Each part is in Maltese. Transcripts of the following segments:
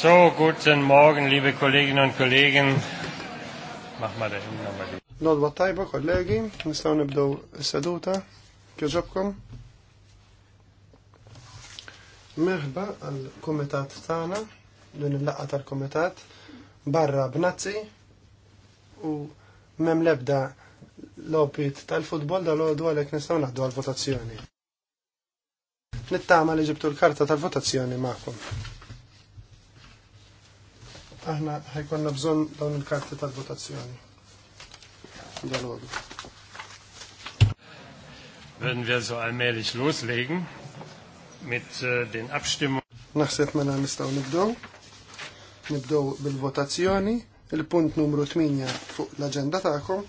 So, guten Morgen, liebe Kolleginnen und Kollegen. Mach mal da die. tajba, kollegi, nistaw nibdow s-seduta, kjoġobkom. Merħba għal-komitat tana, din il-laqqa tal-komitat, barra b'nazzi u mem lebda l-opit tal-futbol l għodu għalek nistaw naħdu għal-votazzjoni. Nittama li ġibtu l-karta tal-votazzjoni ma'kom aħna ħajkonna bżon dawn il-karti tal-votazzjoni. Würden wir so allmählich loslegen mit äh, den Abstimmungen. Naħseb mela nistgħu nibdew. Nibdew bil-votazzjoni. Il-punt numru 8 fuq l-aġenda tagħkom.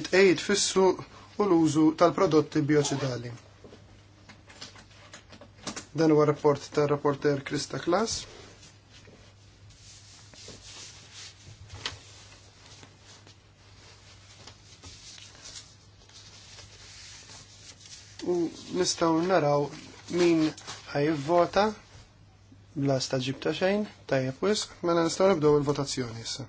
It-qejjed fis u l-użu tal-prodotti bioċidali. Dan huwa rapport tar-rapporter Krista Klas. nistgħu naraw min ħajvota bla staġib ta' xejn, ta' wisq, mela nistgħu nibdew il-votazzjoni jissa.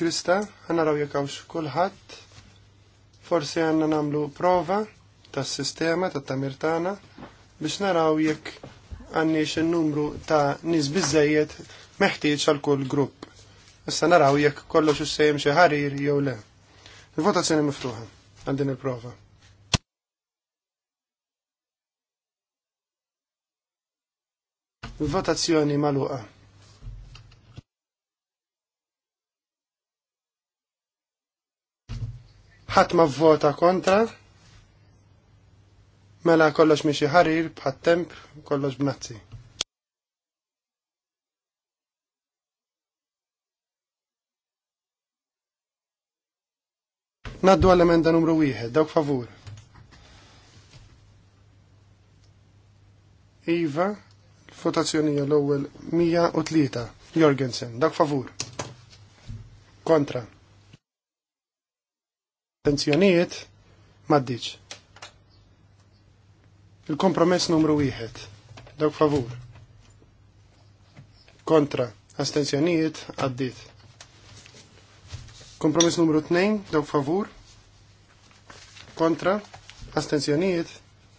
Krista, għanna raw jekawx kulħadd. Forsi għandna nagħmlu prova tas-sistema ta' tamirtana biex naraw jekk għanni in-numru ta' nies biżejjed meħtieġ għal kull grupp. Issa naraw jekk kollox issejjem xi ħarir jew le. Il-votazzjoni miftuħa għal din il-prova. Votazzjoni magħluqa. ħadd ma vvota kontra. Mela kollox xi ħarir bħat temp, kollox b'nazzi. Naddu għall-emenda numru 1, dawk favur. Iva, votazzjonija l-ewwel 103, Jorgensen, dawk favur. Kontra. Attenzjonijiet, maddiċ. Il-kompromess numru 1, dawk favur. Kontra, astenzjonijiet, għaddit. Kompromiss numru 2, dawk favur, kontra, astenzjonijiet,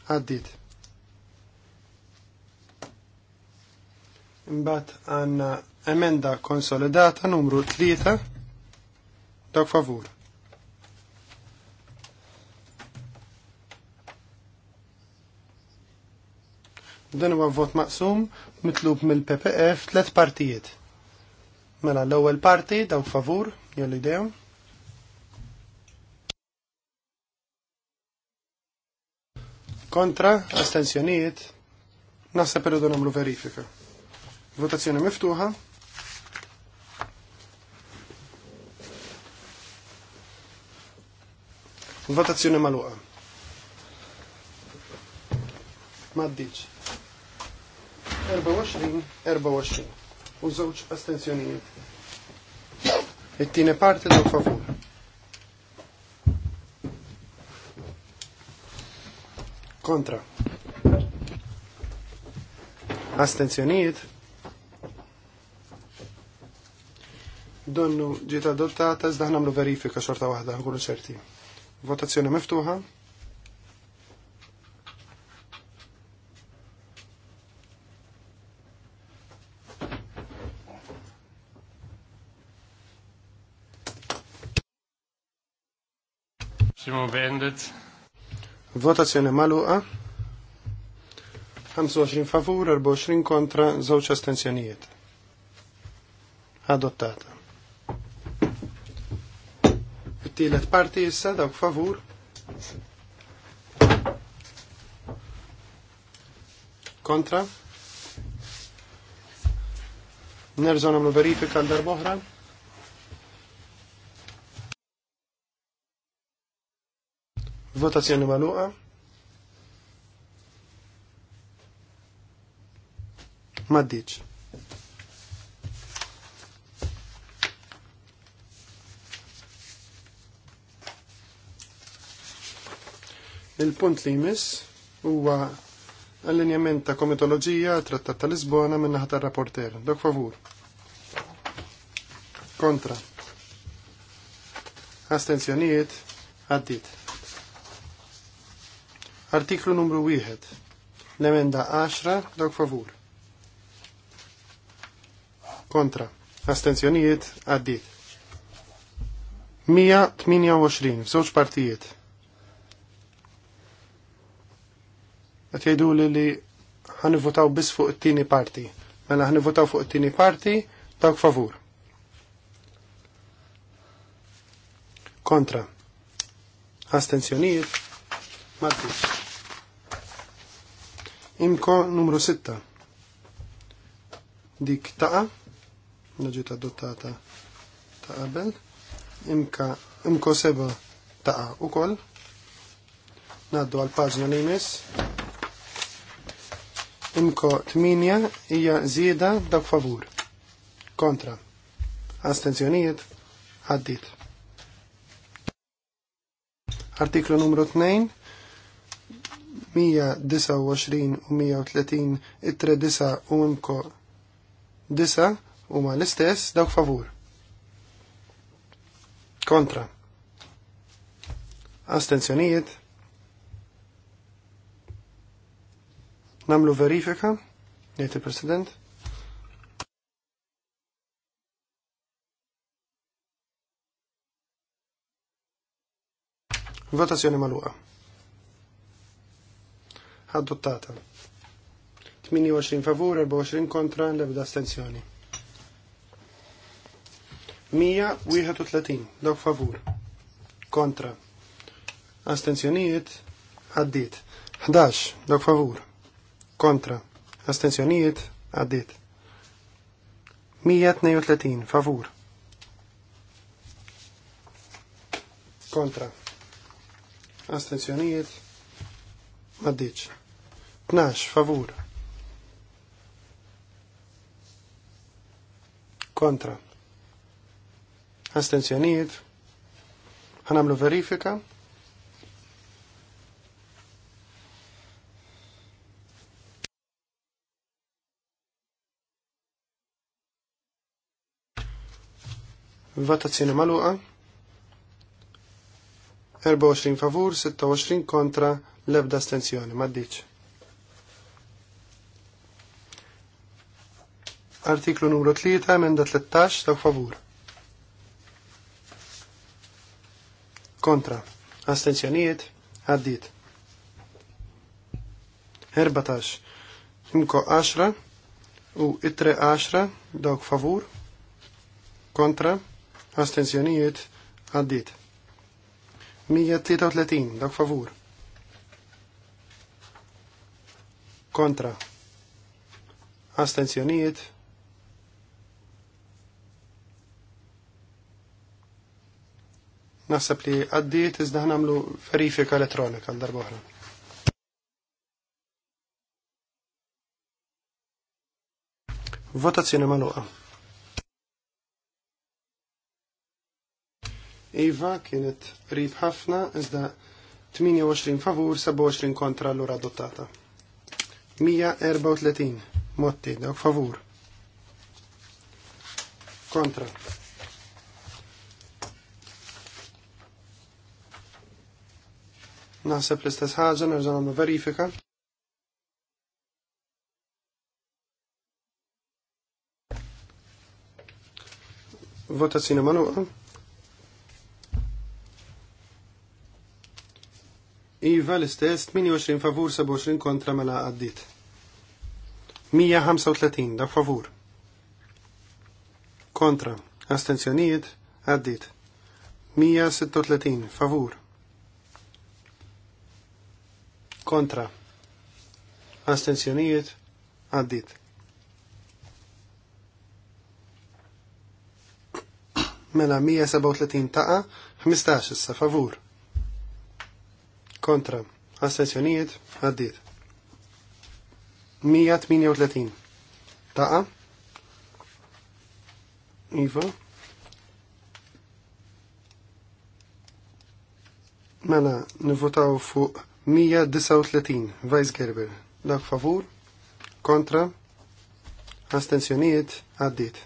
għaddit. Imbat għanna emenda konsolidata numru 3, dawk favur. Dan huwa vot maqsum mitlub mill-PPF tliet partijiet. Mela l-ewwel parti dawk favur, jew l-idea? Kontra, astensjonijiet, naħseb irridu nagħmlu verifika. Votazzjoni miftuħa. Votazzjoni maluqa. Maddiċ. 24, 24. U żewġ astensjonijiet. It-tieni parti tal favur. Kontra. Astenzjonijiet. Donnu ġiet adottata, zda ħnamlu verifika xorta waħda, nkunu ċerti. Votazzjoni miftuħa. Votazzjoni maluqa. 25 favur, 24 kontra, żewġ astenzjonijiet. Adottata. It-tielet parti issa dawk favur. Kontra. Nerżaw nagħmlu verifika għal darboħra. oħra. Votazzjoni maluqa. Maddiċ. Il-punt li jmiss huwa allinjament ta' komitoloġija trattat ta' Lisbona minnaħa ta' rapporter. Dok favur. Kontra. Astenzjonijiet. Għaddit. Artiklu numru 1. Nemenda 10, dok favur. Kontra. Astenzjonijiet għaddit. 128 f'żewġ partijiet. Qed jgħidu li li ħanivvotaw biss fuq it-tieni parti. Mela ħanivvotaw fuq it-tieni parti dawk favur. Kontra. Astenzjonijiet maddux. Imko numru 6. Dik taqa, naġiet adottata ta' qabel. Imka, imko seba taqa u koll. Naddu għal-pagġna li jmiss. Imko 8 hija zieda dak favur. Kontra. Astenzjonijiet għaddit. Artiklu numru 2 129 u 130 it-tre disa u imko disa u ma l-istess dawk favur. Kontra. Astenzjonijiet. Namlu verifika, jgħid il-President. Votazzjoni maluqa adottata. 28 favur, 24 kontra, l-ebda astenzjoni. 131, dawk favur, kontra, astenzjonijiet, għaddit. 11, dawk favur, kontra, astenzjonijiet, għaddit. 132, favur. Kontra. Astenzjonijiet, għaddit. 12 favur. Kontra. Astenzjonijiet. Għanamlu verifika. Votazzjoni maluqa. 24 favur, 26 kontra, lebda astenzjoni. Maddiċ. Artiklu numru 3, emenda 13, ta' favur. Kontra. Astenzjonijiet, għaddit. 14. Inko 10 u itre 10 dawk favur. Kontra. Astenzjonijiet, għaddit. 133 dawk favur. Kontra. Astenzjonijiet, Naħseb li għaddiet iżda ħnamlu verifika elettronika għal darba Votazzjoni maluqa. Iva kienet rib ħafna iżda 28 favur, 27 kontra l-ura adottata. 134 motti, dawk favur. Kontra. Naħseb l-istess ħaġa, nerġa' nagħmlu verifika. Votazzjoni magħluqa. Iva l-istess 28 favur 27 kontra mela għaddit. 135 da favur. Kontra. Astenzjonijiet għaddit. 136 favur kontra astenzjonijiet għaddit. Mela 137 taqa, 15 issa favur. Kontra, astenzjonijiet għaddit. 138 taqa. Iva. Mela nivutaw fuq 139, Vice Gerber, dak favur, kontra, astensjonijiet, għaddit.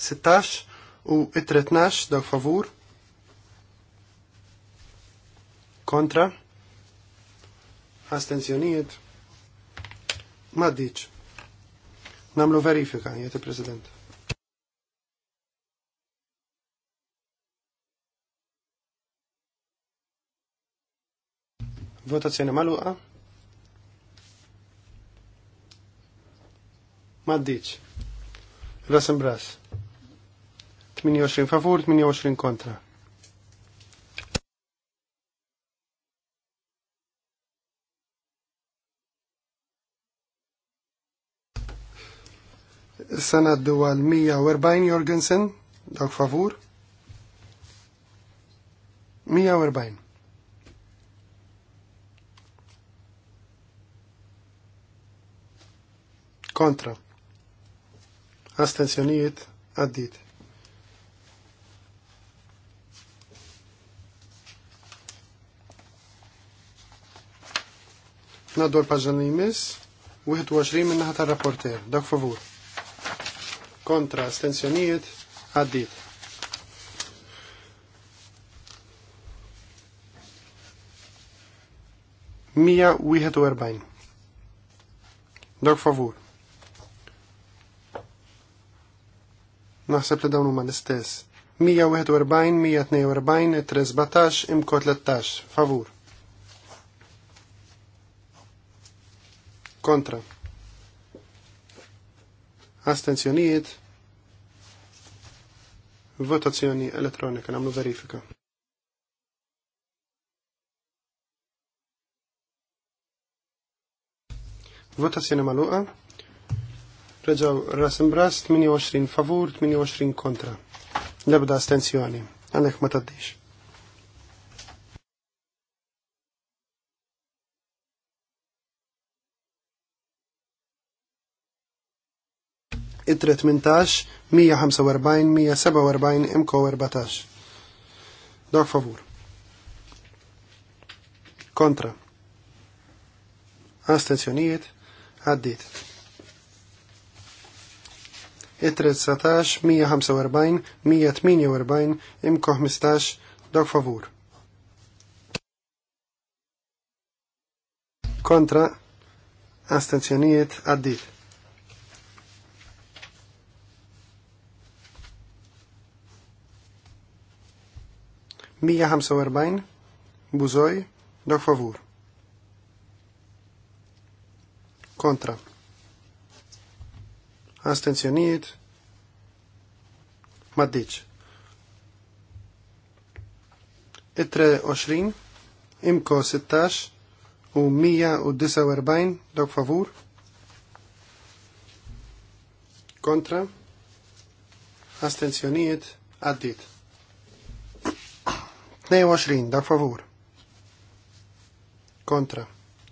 Sittax u itretnax tretnax dak favur, kontra, astensjonijiet, maddiċ. Namlu verifika, jete President. Votazzjoni maluqa. Maddiċ. Rasem bras. 28 favur, 28 kontra. Sana sanaddu għal 140 Jorgensen, dawk favur. 140. kontra. Astenzjonijiet għaddit. Naddu l-pagġan li jmiss, 21 minna ħata rapporter, dak favur. Kontra, astenzjonijiet, għaddit. Mija wieħed u erbajn. Dok favur. naħseb li dawn huma l-istess. 141, 142, 13 imko 13, favur. Kontra. Astenzjonijiet. Votazzjoni elettronika, namlu verifika. Votazzjoni maluqa reġaw ras imbras 28 favur, 28 kontra. Lebda astenzjoni, għalek ma taddix. it mintax, 145, 147, imko 14. Dok favur. Kontra. Astenzjonijiet, għaddit it-13, 145, 148, imko 15, dok favur. Kontra, astenzjonijiet għaddit. Mija ħamsa warbajn, buzoj, dok favur. Kontra. Astenzjonijiet? Maddiċ. Itre 20, imko 16 u 149 dok favur. Kontra? Astenzjonijiet? Addit. 22 dok favur. Kontra.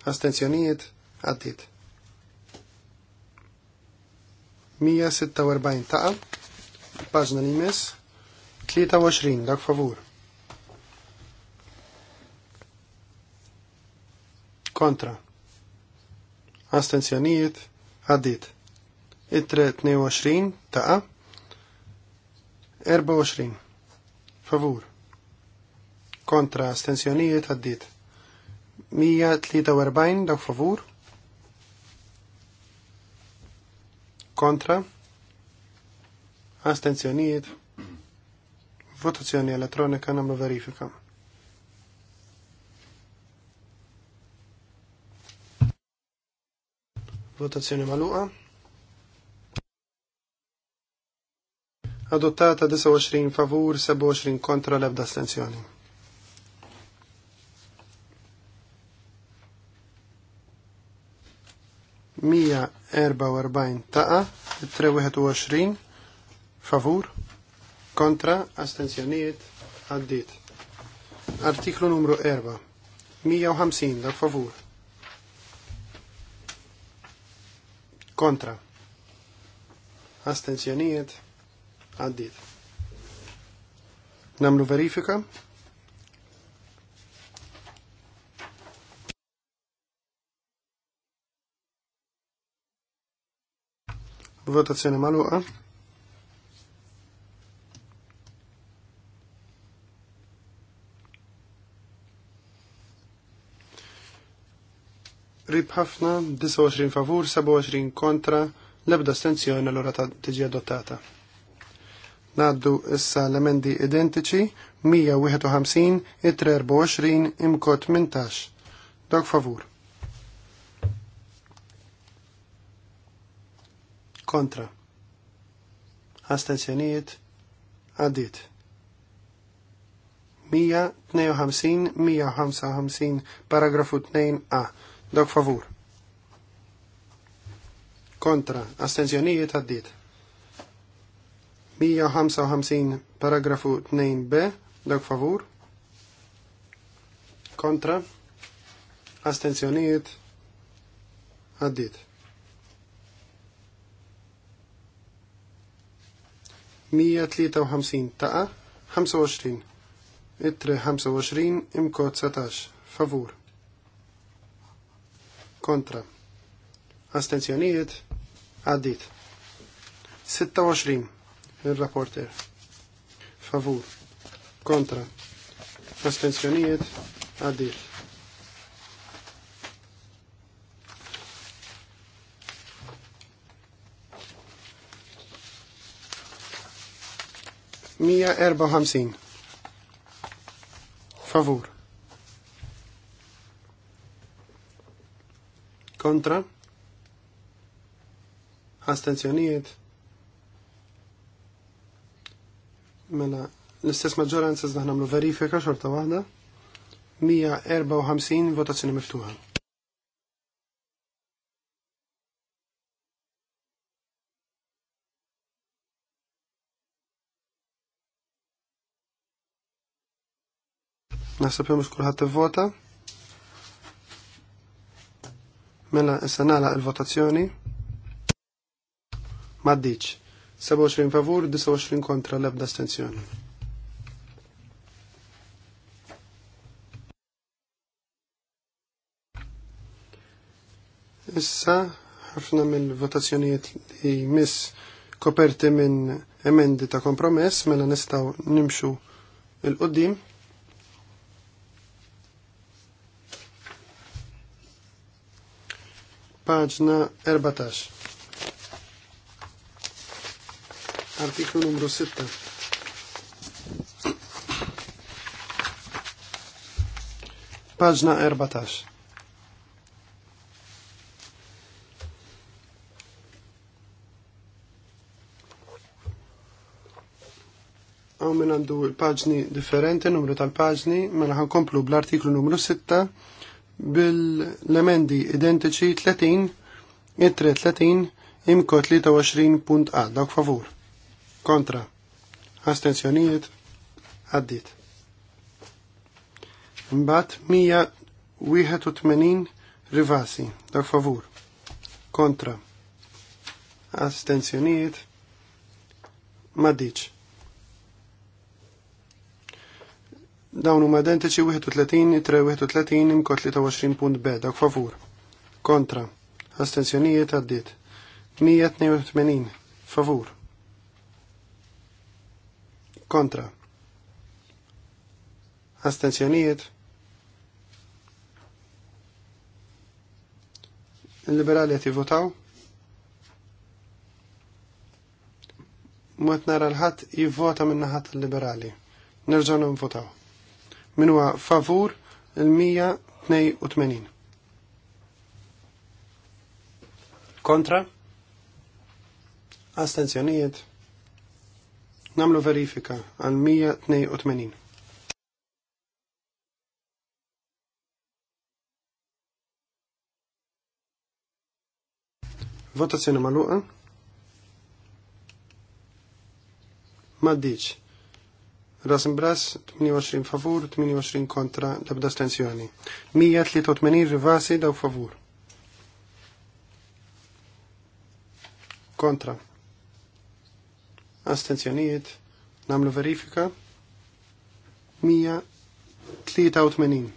Astenzjonijiet? Addit. 146 taqa, paġna li jmiss, 23 dak favur. Kontra. Astenzjonijiet, għaddit. Itre 22 taqa, 24 favur. Kontra astenzjonijiet għaddit. 143 dak favur kontra, astenzjonijiet, votazzjoni elettronika namlu verifika. Votazzjoni maluqa. Adottata 29 favur, 27 kontra l-ebda astenzjoni. 144 taqa, 321 favur, kontra, astenzjonijiet, għaddit. Artiklu numru 4, 150 da favur. Kontra, astenzjonijiet, għaddit. Namlu verifika. Votazzjoni maluqa. Rib ħafna, 29 favur, 27 kontra, l-ebda stenzjoni l ta' tiġi adottata. Naddu issa l-emendi identiċi 151, 23 imkot 18. dok favur. kontra astenzjonijiet għaddit 152-155 paragrafu 2a dok favur kontra astenzjonijiet għaddit 155 paragrafu 2b dok favur kontra astenzjonijiet għaddit 153 taqa 25 itri 25 imko 17 favur kontra astenzjonijiet Addit 26 il-rapporter favur kontra astenzjonijiet għaddit 154. Favur. Kontra. Astenzjonijiet. Mela, l-istess maġġoranza zdaħna verifika xorta waħda. 154 votazzjoni miftuħa. Naħseb li mhux kulħadd ivvota. Mela issa nagħlaq il-votazzjoni. Maddiċ. 27 favur, 29 kontra l-ebda stenzjoni. Issa ħafna mill-votazzjonijiet li mis koperti minn emendi ta' kompromess mela nistgħu nimxu il-qoddim. paġna 14. Artiklu numru 6. Paġna 14. għaw minn għandu il-paġni differenti, numru tal ma mela naħan komplu bl-artiklu numru 6 bil-lemendi identiċi 30, it 30, imko 23.a, dawk favur. Kontra. Astenzjonijiet, għaddit. Mbat 181 rivasi, dawk favur. Kontra. Astenzjonijiet, maddiċ. Dawn huma identiċi 31, 31 imkot 23 punt B, dak favur. Kontra. Astenzjonijiet għaddiet. 182 favur. Kontra. Astenzjonijiet. Il-liberali qed votaw. Mwet nara l-ħadd jivvota minn naħat liberali. Nerġgħu nvotaw. Min huwa favur il-182. Kontra? Astenzjonijiet? Namlu verifika għal 182. Votazzjoni maluqa? Maddiċ. Ras imbras 28 favur, 28 kontra, labda stenzjoni. 183 rivasi daw favur. Kontra. Astenzjonijiet, namlu verifika. 183.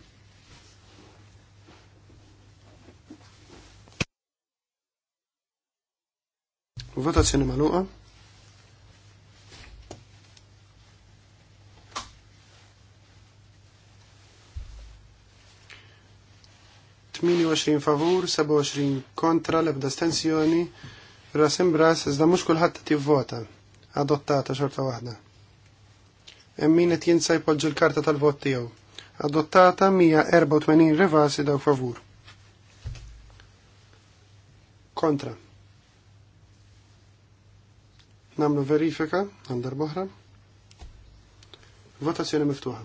Votazzjoni maluqa. 28 favur, 27 kontra l-ebda stensjoni, rasim bras, iżda mux kullħat t-tivvota, adottata xorta wahda. Emmin et jinsaj podġu l-karta tal-vot tijaw. Adottata 184 revasi daw favur. Kontra. Namlu verifika, għandar boħra. Votazzjoni miftuħa.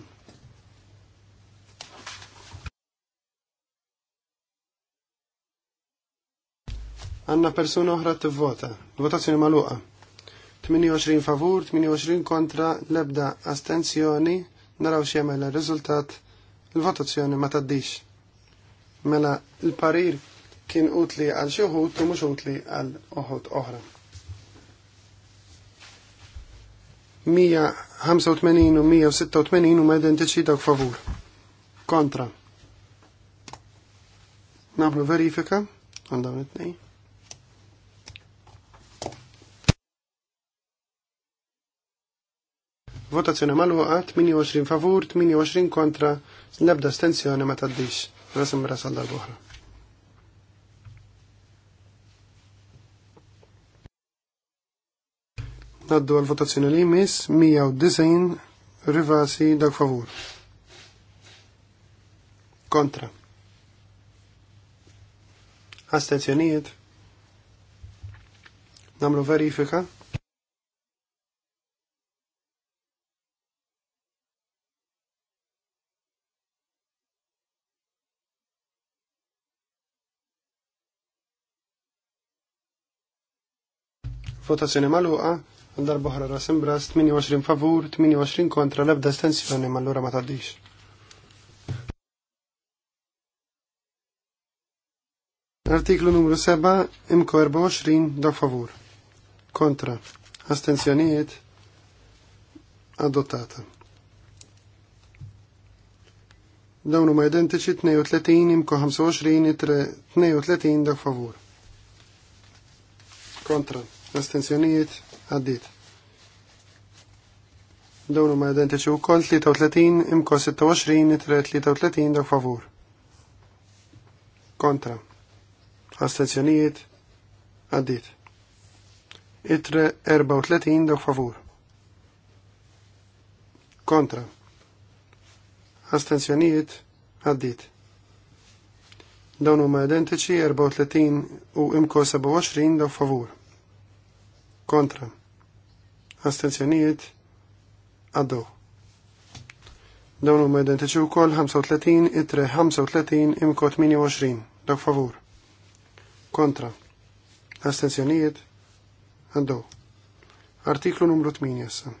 għanna persuna oħra t-vota. Votazzjoni maluqa. 28 favur, 28 kontra, lebda astenzjoni, naraw xiemel il-rizultat, il-votazzjoni ma taddix. Mela l parir kien utli għal xieħut u mux utli għal uħut oħra. 185 u 186 u ma identiċi dawk favur. Kontra. Nablu verifika, għandaw it-nej. Votazzjoni maluqa 28 favur, 28 kontra, nebda stenzjoni ma taddix. Rasim rasal dal bohra Naddu għal-votazzjoni li jmiss 190 rivasi dak favur. Kontra. Astenzjonijiet. Namlu verifika. Votazzjoni maluqa, għal-darba ħra rasim bras, 28 favur, 28 kontra, l-ebda estensjoni mal-lura ma taddix. Artiklu numru 7, imko 24, dak favur. Kontra, astensjonijiet, adottata. Dawnu ma identiċi 32 imko 25 32 dak favur. Kontra l-astenzjonijiet għaddit. Dawnu ma identiċi u koll 33 imko 26 33 dak favur. Kontra. Astenzjonijiet għaddit. Itre 34 dak favur. Kontra. Astenzjonijiet għaddit. Dawnu ma identiċi 34 u imko 27 daw favur kontra astenzjonijiet għaddu. Dawn huma identiċi wkoll 35 itre 35 imko 28 dak favur. Kontra. Astenzjonijiet għaddu. Artiklu numru 8 jessa.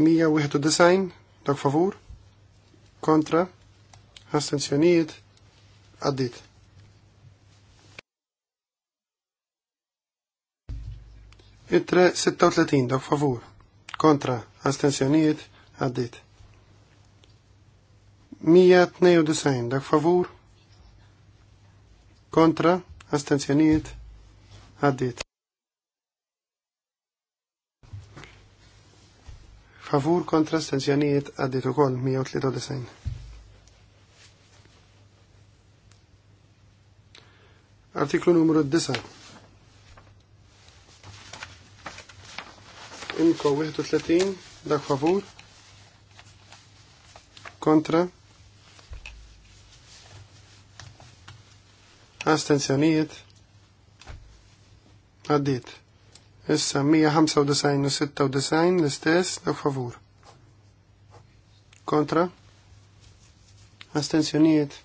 191 dak favur. Kontra. Astenzjonijiet għaddit. it 36 dok favur. Kontra astensjonijiet għaddit. 192 dak favur. Kontra astensjonijiet għaddit. Favur kontra astensjonijiet għaddit u koll 193. Artiklu numru 9. Inko 31, dak favur. Kontra. Astenzjonijiet. Għaddit. Issa 195 u 96 l-istess, dak favur. Kontra. Astenzjonijiet.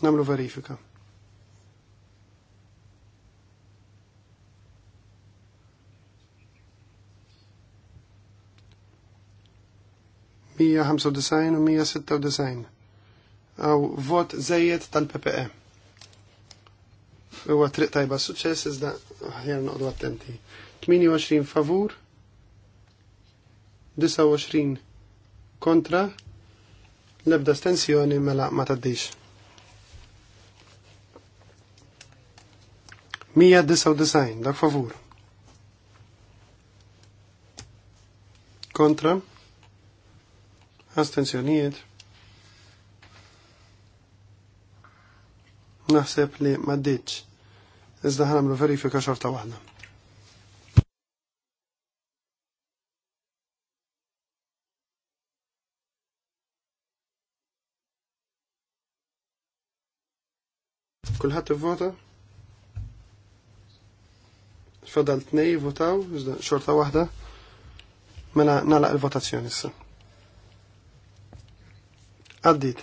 Namlu verifika. 195 u 196. Għaw vot zejiet tal-PPE. Huwa triq tajba suċċess iżda ħjar noqdu attenti. 28 favur, 29 kontra, l-ebda stensjoni mela ma taddix. 199, dak favur. Kontra astenzjonijiet. Naħseb li maddiċ. Iżda mlu verifika xorta kulħat t-vota Fadal t-nej votaw, xorta wahda Mela nalaq il-votazzjoni s-sa Għaddit.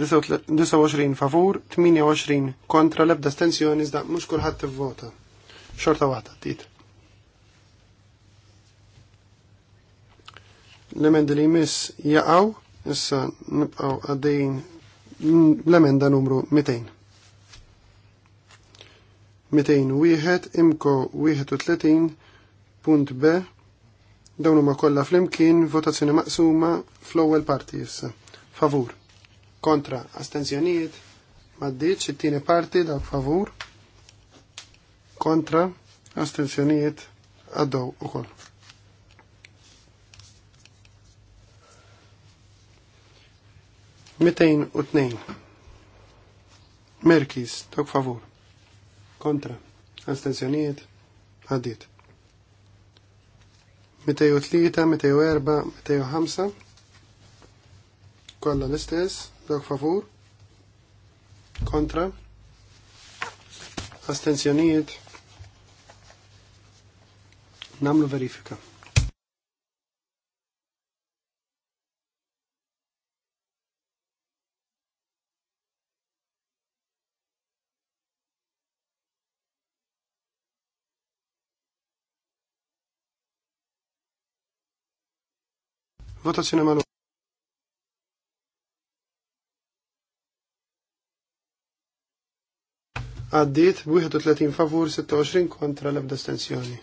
29 favur, 28 kontra l-ebda stenzjoni mux mhux kulħadd tivvota. Xorta waħda għaddit. L-emendi li jmiss jaqgħu, issa nibqaw għaddejn l-emenda numru 200. 201 imko 31.b Dawnu ma kolla huma kollha flimkien votazzjoni maqsuma fl-ewwel parti issa favur. Kontra astenzjoniet, maddiċ it-tieni parti dawk favur. Kontra astenzjonijiet għaddew ukoll. Mitejn u tnejn. Merkis, tok favur. Kontra. astenzjoniet, Għaddit. 203, 204, 205 kolla l-istess, dawk favur, kontra, astenzjonijiet, namlu verifika. Votazione manuale. għaddiet 31 favur 26 kontra l-ebda 206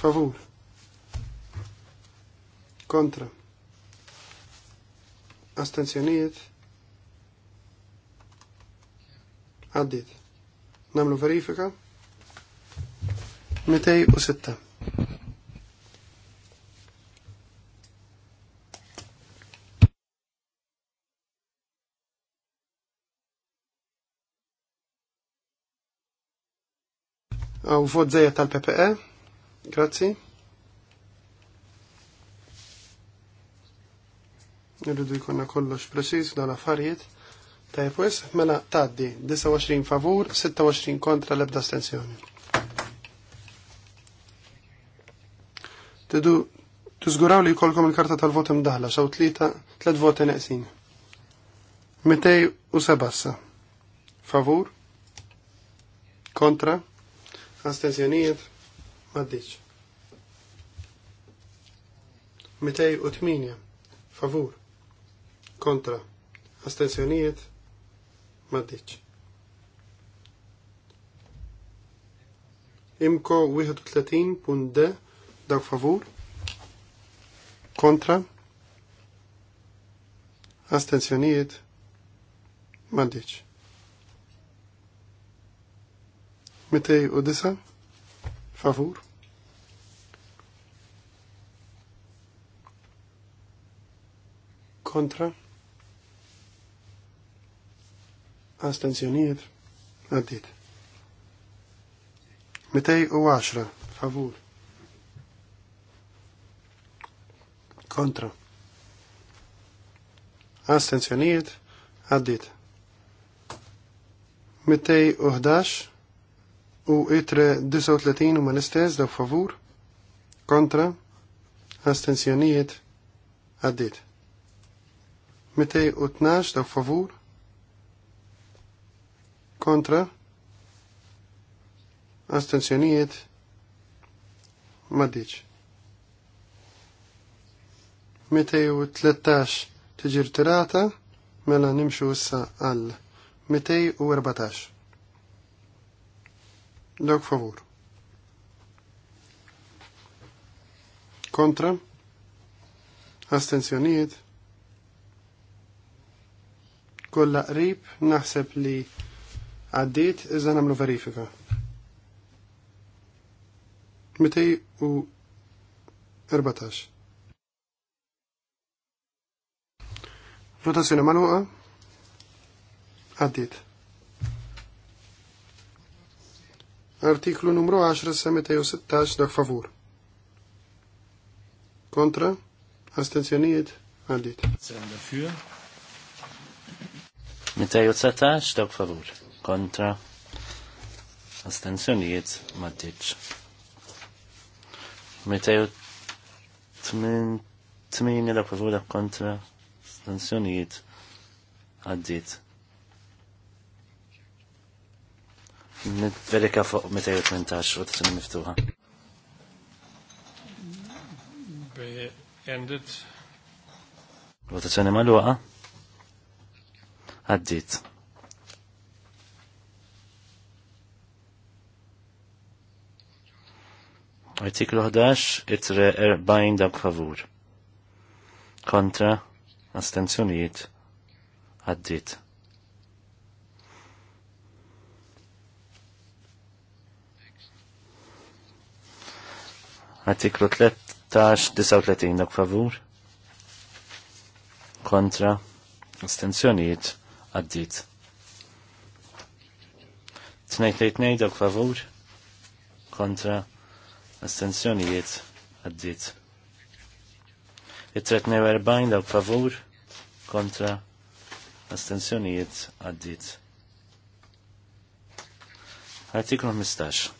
favur kontra astenzjonijiet għaddit. namlu verifika 206 Għaw vot tal-PPE. Grazzi. Irridu jkunna kollox preċiż dan affarijiet. Tajb wis, mela taddi 29 favur, 26 kontra l-ebda stenzjoni. Tidu tużguraw li jkollkom il-karta tal-vot imdaħla, xaw tlita tlet voti neqsin. Mitej u sebassa. Favur? Kontra? astenzjonijiet maddiċ. tminja, favur kontra astenzjonijiet maddiċ. Imko 31.d daw favur kontra astenzjonijiet maddiċ. disa? favur kontra astenzjonijiet għaddit għaxra? favur kontra astenzjonijiet għaddit 211 u itre 39 u ma nistez daw favur kontra astensjonijiet għaddit. 212 daw favur kontra astensjonijiet maddiċ. tlettax tiġir tirata mela nimxu issa għal erbatax. Dawk favor. Kontra. Astenzjonijiet. Kolla qrib naħseb li għaddit iżda namlu verifika. Mitej u 14. Votazzjoni maluqa. Għaddit. Artiklu numru 10 716 dak favur. Kontra? Astenzjoniet? Għaddit. Senda fjur. 219 dak favur. Kontra? Astenzjoniet? Astenzjonijiet? Maddiċ. 208 dak favur dak kontra? Astenzjoniet? Għaddit. Verika fuq 218, votazzjoni miftuħa. Ended. Votazzjoni maluqa. Għaddit. Artiklu 11, itre 40 dak favur. Kontra, astenzjonijiet, għaddit. Artiklu 13-39 dak favur. Kontra. Astenzjonijiet għaddit. Tnejt li tnejt, dak favur. Kontra. Astenzjonijiet għaddit. It-3-4 dak favur. Kontra. Astenzjonijiet għaddit. Artiklu 15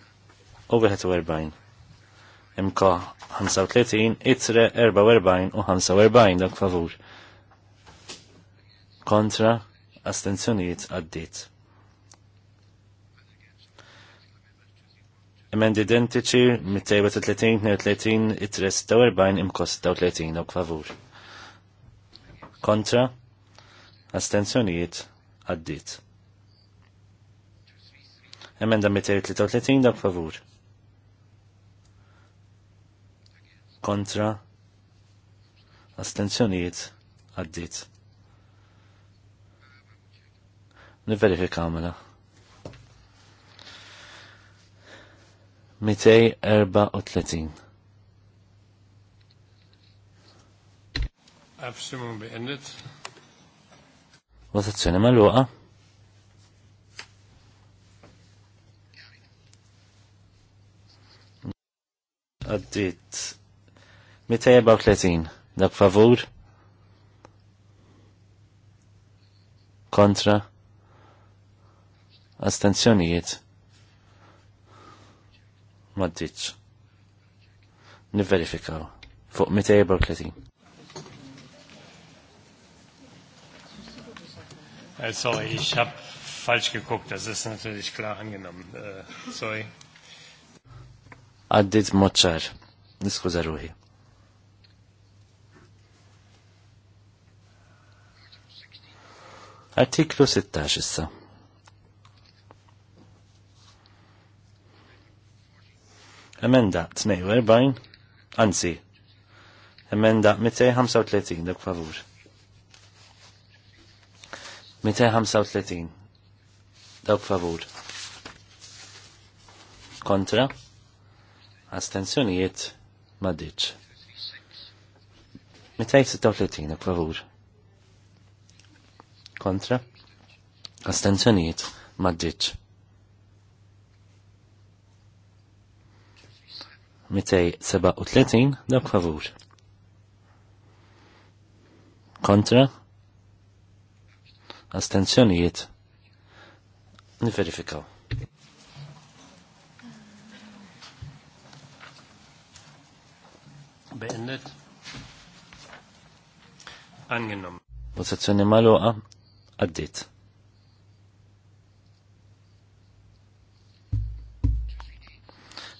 u 41. Imka 35, itre 44 u 45 dak favur. Kontra astenzjoniet għaddit. Emendi identiċi 232, 32, itre 46, imka 36 dak favur. Kontra astenzjonijiet għaddit. Emenda 233 dak favur kontra astenzjonijiet għaddit. Niverifika għamela. 234. Abstimmung beendet. Votazzjoni mal-luqa. Għaddit 234 dak favur kontra astenzjonijiet maddiċ nivverifikaw fuq 234 äh, Sorry, ich habe falsch geguckt, das ist natürlich klar angenommen. Uh, sorry. Għaddit moċċar, niskuza ruħi. Artiklu 16 issa. Emenda 42, anzi, emenda 235, dak favur. 235, dak favur. Kontra, astensjonijiet maddiċ. 236, dak favur kontra, astenzjoniet maġġiċ Mitej seba' u dak favur. Kontra, astenzjoniet niverifikaw. Beendet. Angenommen. Votazione maluqa Għaddit.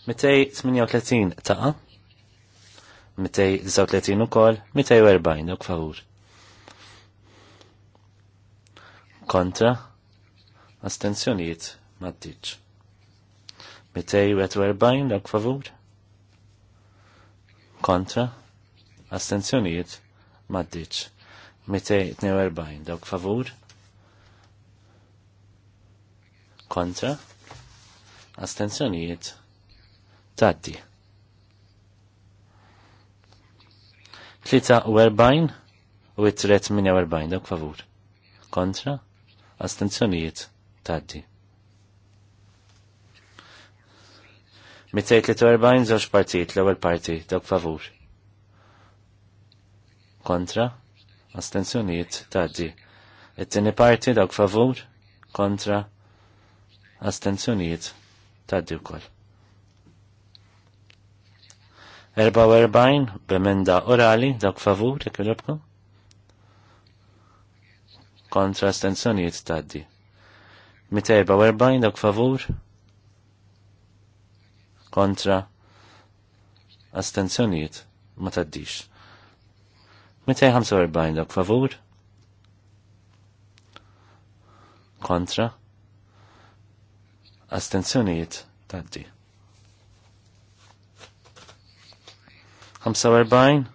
Mitej 38 taqa. Mitej 39 u kol. Mitej 40 u kfawur. Kontra. Astenzjoniet maddiċ. Mitej 40 u kfawur. Kontra. Astenzjoniet maddiċ. u dawk favur kontra, astenzjonijiet, taddi. 43 u 348 dak favur. Kontra, astenzjonijiet, taddi. 243 zoċ partijiet l-ewwel parti dak favur. Kontra, astenzjonijiet, taddi. It-tieni parti dak favur, kontra, astenzjonijiet taddi wkoll. 44 b'emenda orali dak favur jekk jolobkom. Kontra astenzjonijiet taddi. 244 dak favur kontra astenzjonijiet ma taddix. 245 dak favur kontra astenzjonijiet taddi. 45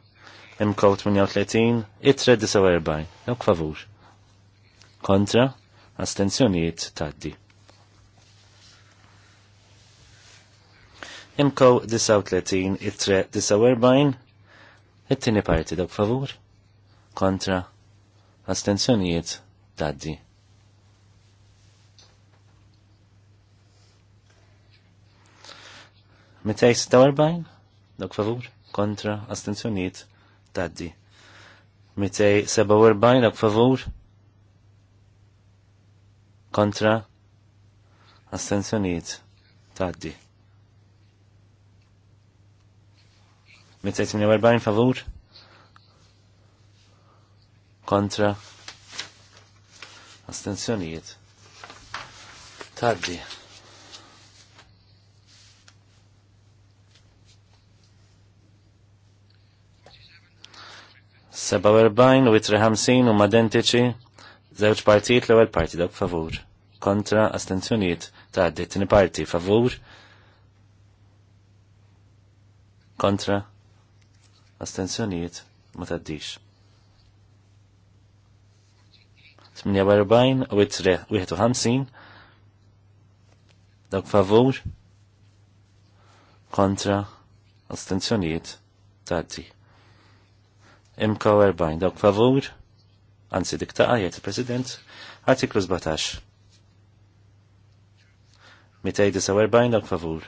imkow 38 itre 49 jok favur. Kontra astenzjonijiet taddi. Imkow 39 itre 49 it-tini parti dawk favur. Kontra astenzjonijiet taddi. 246 dawk favur kontra astenzjoniet taddi. 247 dok favur kontra astenzjoniet taddi. 248 favur kontra astenzjoniet taddi. 47 u 53 huma identiċi żewġ partijiet l-ewwel parti dawk favur. Kontra astenzjoniet ta' dittini parti favur. Kontra astenzjoniet ma ta' ddix. 48 u 51 dawk favur kontra astenzjoniet ta' ddix. Imko 40, dawk favur, għansi dik taqa jgħid il-President, artiklu 17. 249 dawk favur.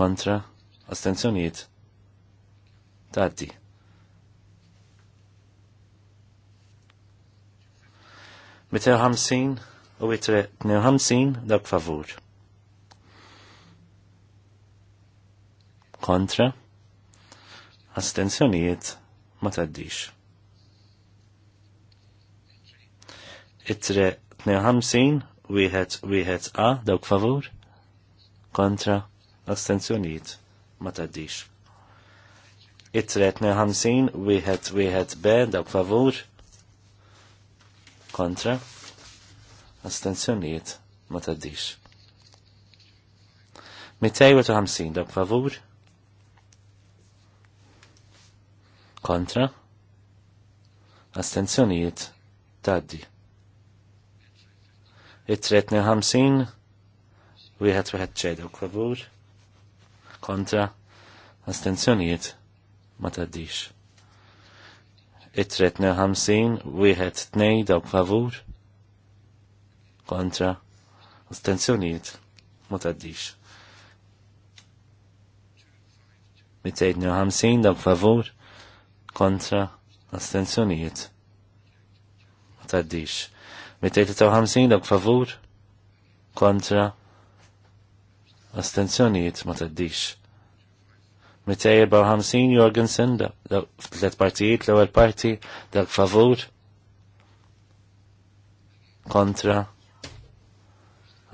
Kontra, astenzjoniet, Taddi. Mitew ħamsin u itre 52 dawk favur. Kontra, astenzjonijiet ma taddix. Itre 52 wieħed wieħed A dawk favur kontra astenzjonijiet ma taddix. Itre 52 wieħed wieħed B dawk favur kontra astenzjonijiet ma taddix. 250 dawk favur kontra, astenzjonijiet taddi. It-tretni ħamsin, wieħed wieħed ċedu kvabur, kontra, astenzjonijiet ma taddix. It-tretni ħamsin, wieħed tnej daw kvabur, kontra, astenzjonijiet ma taddix. 252 daw klavur, kontra astenzjonijiet ma taddix 253 dak favur kontra astenzjonijiet ma taddix 254 Jorgensen f'tlet partijiet l-ewwel parti dak favur kontra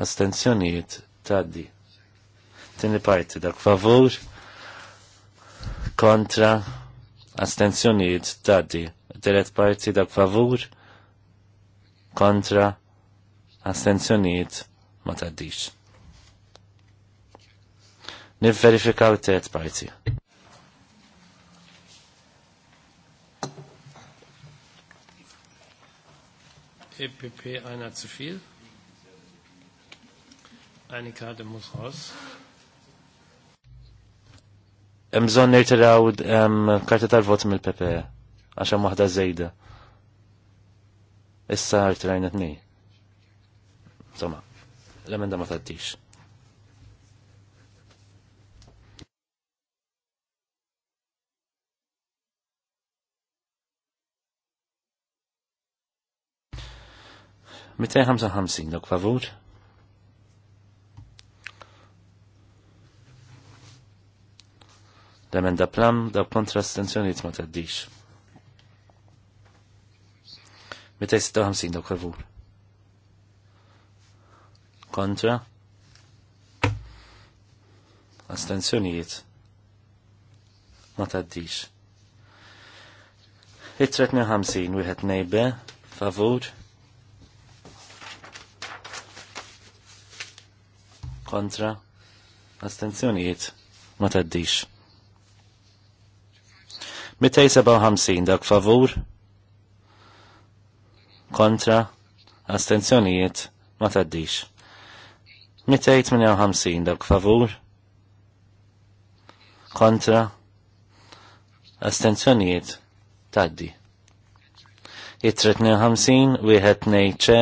astenzjonijiet taddi. Tini parti dak favur kontra astenzjonijiet taddi. Telet parti dak favur kontra astenzjonijiet ma taddix. Nivverifikaw telet parti. EPP einer zu viel. Eine Karte muss raus. Mżon nirtiraw karta tal-vot mill-PPE, għaxem wahda zejda. Issa rtirajna t-nej. Insomma, l-emenda ma taddix. Mitej 55 dok favur. l da plam da kontra stenzjoniet ma taddix. 256 da favur. Kontra. Astenzjoniet ma taddix. It-350 wieħed nejbe favur. Kontra. Astenzjoniet ma taddix. 257 dak favur kontra astenzjonijiet ma taddix. 258 dak favur kontra astenzjonijiet taddi. It-352 wieħed ċe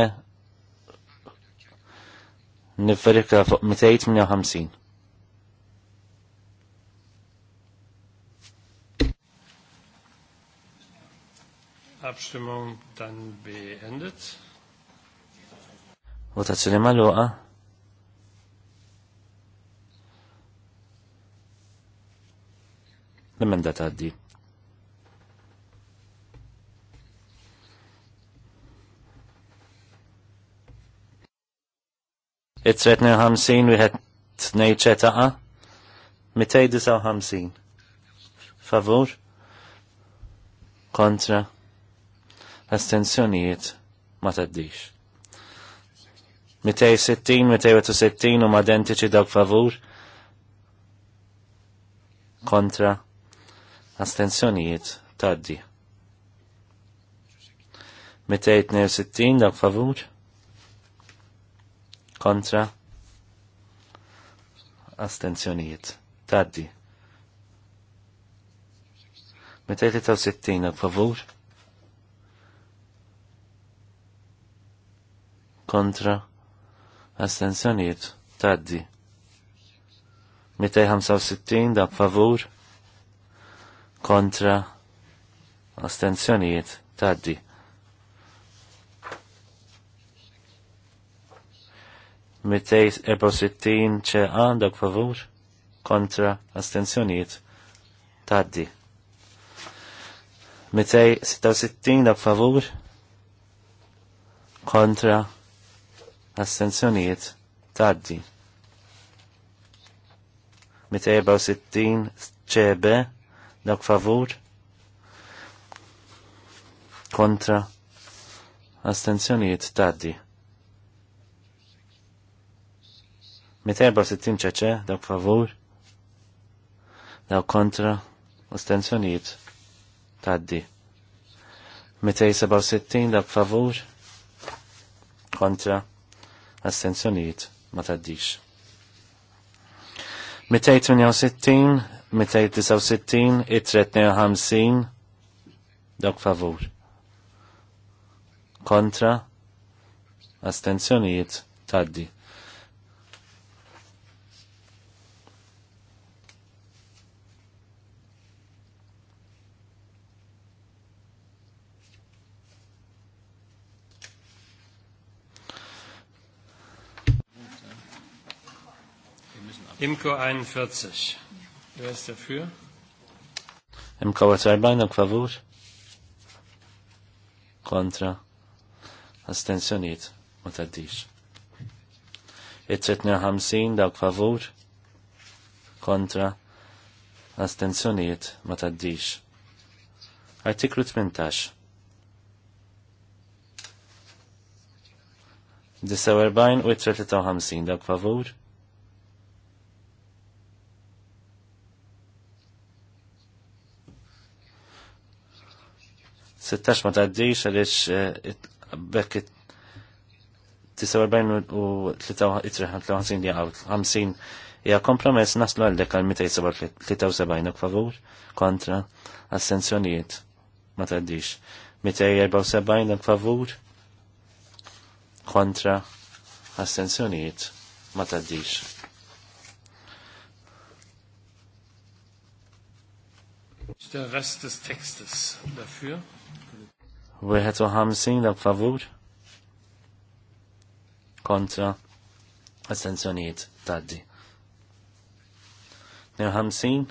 nifferika fuq 258. Abstimmung dann beendet. Votazzjoni magħluqa. L-emenda tgħaddi. It-53 wieħed tnej ċetaqa. 259. Favur? Kontra? astenzjonijiet ma taddix. 260, 261 u ma madentiċi dawk favur kontra astenzjonijiet taddi. 262 dak favur kontra astenzjonijiet taddi. 263 dawk favur kontra astensjoniet taddi 265 dak favur kontra astensjoniet taddi Mitej sittin ċe dak favur kontra astensjoniet taddi. Mitej 266 dak favur kontra Astenzjonijiet taddi. 264 ċebe dak favur kontra astenzjonijiet taddi. 264 ċeċe dak favur dak kontra astenzjonijiet taddi. 267 dak favur kontra Astenzjonijiet ma taddix. 268, 269, it dok favur. Kontra, astenzjonijiet taddi. Imko 41. Wer ist dafür? Imko 41, auf favor. Kontra. Astensioniert. Ma taddix. It-53 dawk favur. Kontra. Astensioniert. Ma taddix. Artiklu 18. 49 u 53 dak favur 16 ma taddix għalix eh, bekk 49 u 53 li għaw 50 hija kompromess naslu għaldek għal 273 u kfavur kontra assenzjonijiet ma taddix 274 u kfavur kontra assenzjonijiet ma taddix. der Rest des Textes dafür. 51 dak favur kontra astenzjonijiet taddi. 52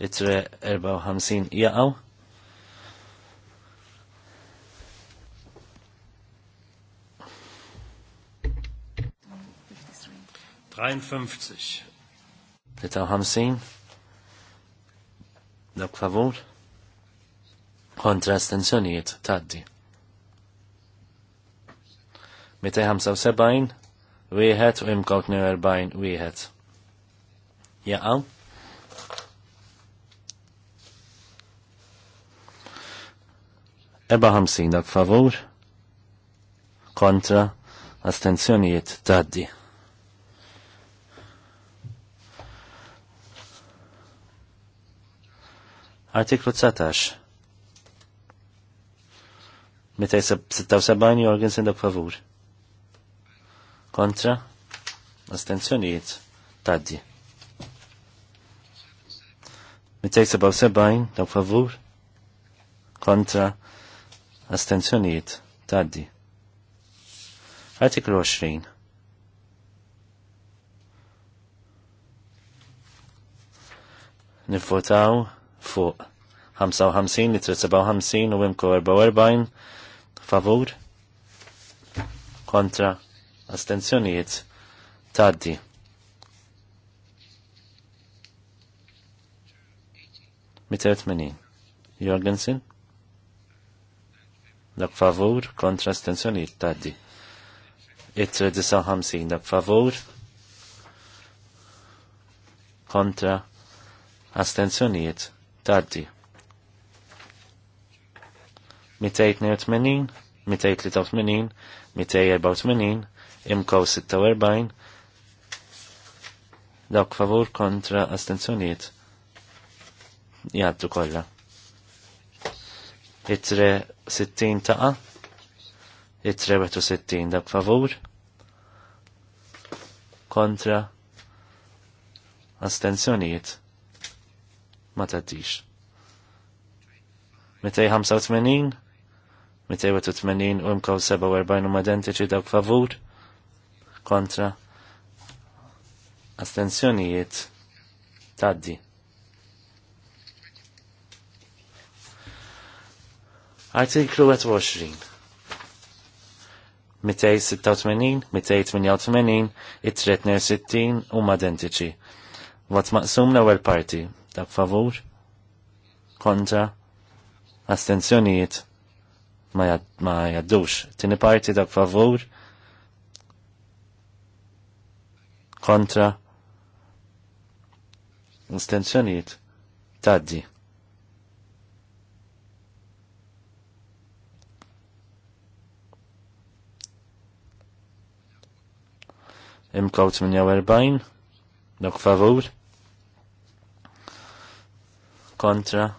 itre 54 jaqaw. Dreiundfünfzig. Dak Favor kontra astenzjonijiet taddi. 275 wieħed u imkot 42 wieħed. Jaqa? Eba ħamsin dak favur kontra astenzjonijiet taddi. Artiklu 19 Meta jisab 276 Jorgensen dak favur. Kontra? Astenzjoniet. Taddi. Meta jisab 277 dak favur. Kontra? Astenzjoniet. Taddi. Artiklu 20. Nivvotaw fuq 55 li 357 u imko 44 favur kontra astenzjonijiet taddi. Mitert meni. Jorgensen? Dak favur kontra astenzjonijiet taddi. Ittre 59 dak favur kontra astenzjonijiet taddi. 282, 283, 284, imkow 46, dawk favur kontra astenzjoniet Jaddu kollha. Itre 60 taqa, itre 60 dawk favur kontra astenzjoniet ma taddix. 285 280 u imkaw 47 huma identiċi dawk favur kontra astensjonijiet taddi. Artiklu 20. 286, 288, it-360 u madentiċi. Vat maqsum l-ewel parti, dak favur, kontra, astenzjonijiet, ma jaddux. Tini parti dak favur kontra astenzjoniet taddi. Imkaw 48 dak favur kontra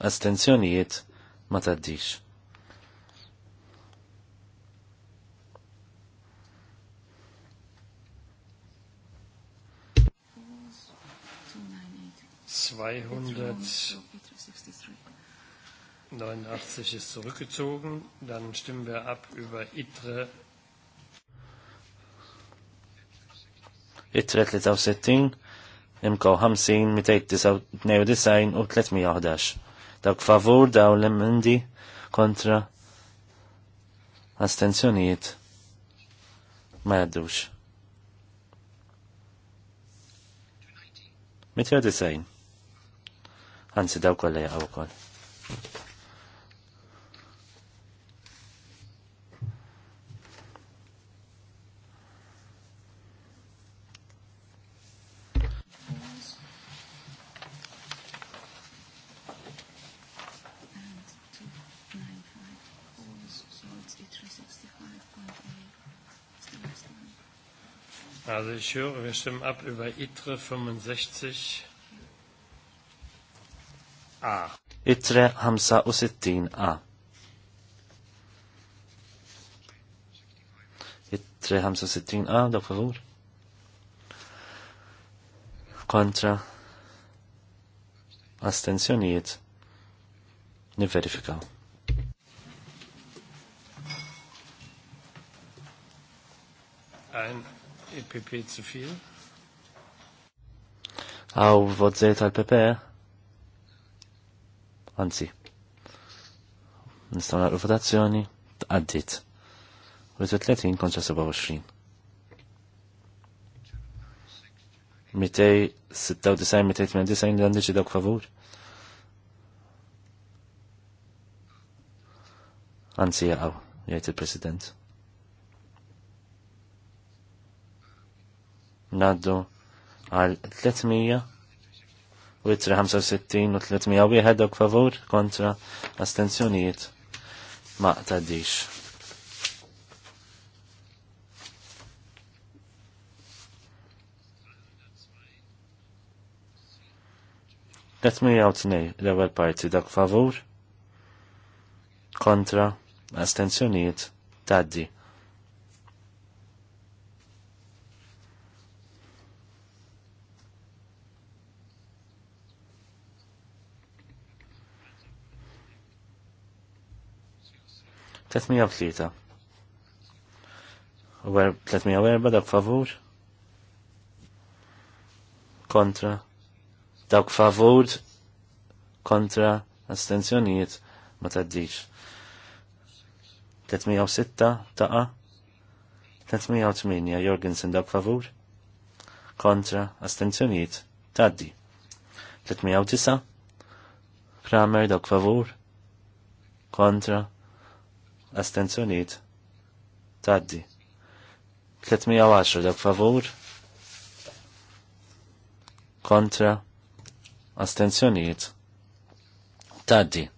astenzjonijiet ma taddix. 289 ist zurückgezogen. Dann stimmen wir ab über ITRE. ITRE 63, Imko 50, 299 u 311. Dawk favur daw l-emendi kontra astenzjonijiet ma jaddux. 290. Anzi, daw kolla jaqaw kol. Also ich höre, wir stimmen ab über ITRE 65. A. Itre 65A. Itre 65A, da favor. Kontra. Astenzjonijiet. Niverifikaw. Ein EPP zu viel. Au, vot zejt għal-PP? Anzi, nistaw naqru votazzjoni għaddit. U 30 konċa 27. 296-298 dan diċi dawk favur. Anzi jaqaw, jajt il-President. Naddu għal 300 u 65 u wieħed dok favur kontra astenzjonijiet ma taddix. tnej l-ewwel parti dak favur kontra astenzjonijiet taddi. 303. 304 dak favur. Kontra. Dak favur. Kontra. Astenzjonijiet ma taddiċ. 306 taqa. 308 Jorgensen dak favur. Kontra. Astenzjonijiet taddi. 309 Kramer dak favur. Kontra astenzjoniet taddi. 310 dak favur kontra astenzjoniet taddi.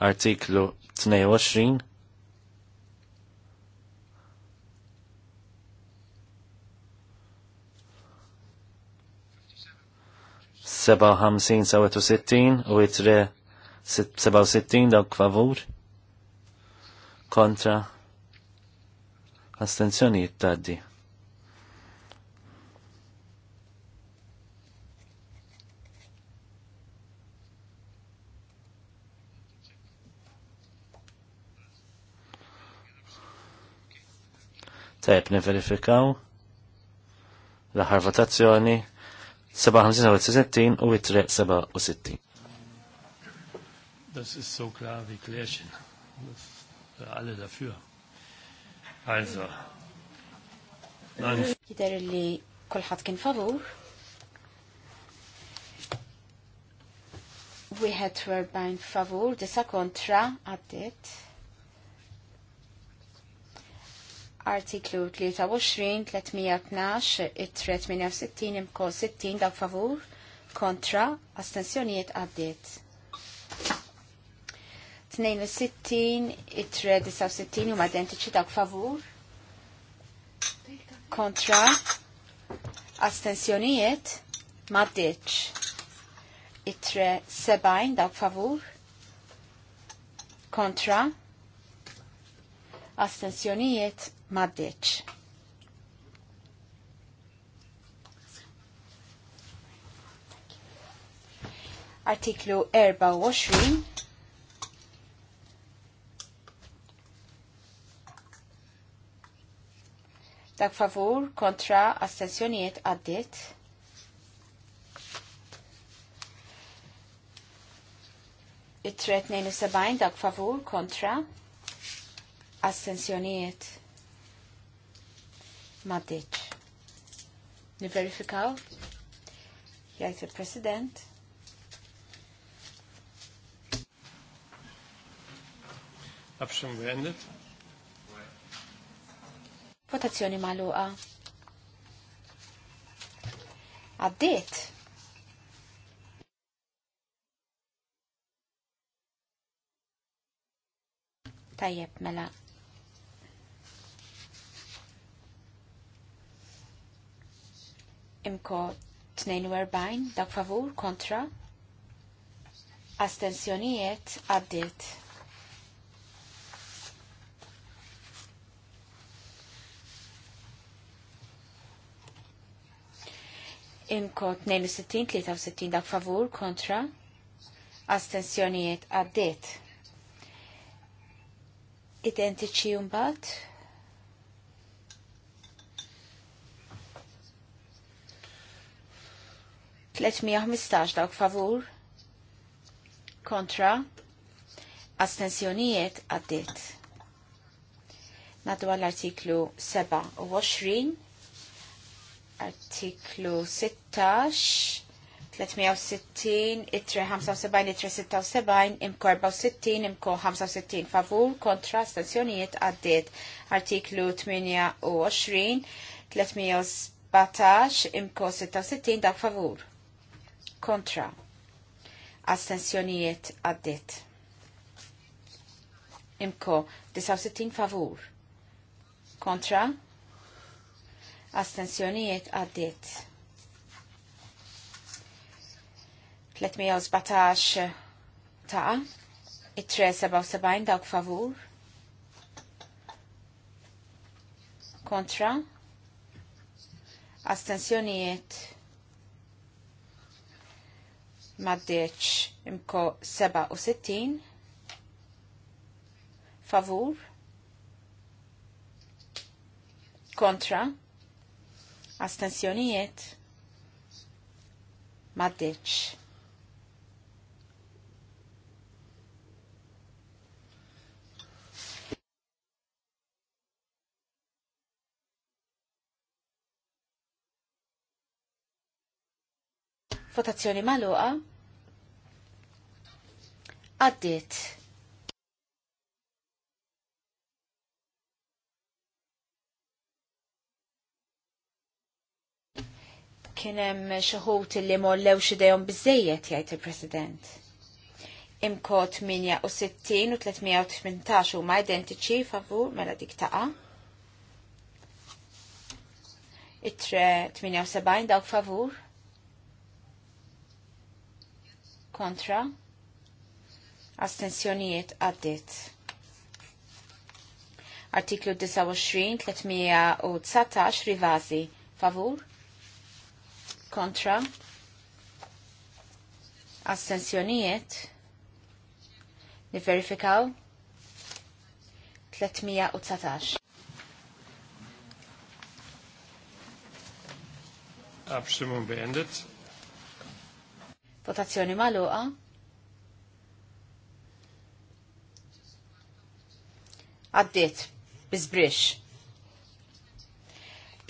Artiklu 22 57 sawetu 60 u itre 67 dawk favur kontra astenzjoni taddi. Tajb niverifikaw l-ħar votazzjoni 57 u 367. Das ist so klar wie Klärchen. Das wir äh, alle dafür. Also. Nein. Jidher li kulħadd kien favur. Wieħed werbajn favur, disa kontra għaddiet. Artiklu 23, 312, 368, imkol 60 daw favur, kontra, astensjonijiet għaddiet. 62, itre 69 ma identiċi dawk favur. Kontra. Astensjonijiet ma ddiċ. Itre 70 dak favur. Kontra. Astensjonijiet ma ddiċ. Artiklu 24 Dak favur kontra astensjoniet għaddit. It-tret 72 dak favur kontra astensjoniet maddiċ. Niverifikaw? Jajt il-President? Abstimmung beendet. Votazzjoni maluqa. Għaddiet. Tajjeb, mela. Imko 42, dak favur, kontra. Astenzjonijiet għaddiet. Imko 62-63 dak favur kontra astensjonijiet għaddit. Identiċi jumbat. ħmistax dawk favur kontra astensjonijiet għaddit. Nadu għall-artiklu 27 artiklu 16, 360, itre 75, itre 76, imko 64, imko 65, favur, kontra, stazzjoniet, għaddit. Artiklu 28, 317, imko 66, dak favur. Kontra. Astensjonijiet għaddit. Imko 69 favur. Kontra astensjonijiet għaddit. 317 ta' it-377 dawk favur kontra astensjonijiet maddeċ imko 67 favur kontra astensjonijiet maddeċ. Votazzjoni maluqa għaddit kienem xaħut li mollew xidejom bizzejiet jajt il-President. Imkot 68 u 318 u ma identiċi favur mela dik taqa. Itre 78 dawk favur. Kontra. Astensjonijiet għaddit. Artiklu 29, 319, rivazi, favur? kontra astensjonijiet niverifikaw 319. Abstimmung beendet. Votazzjoni maluqa. Għaddit, bizbrix.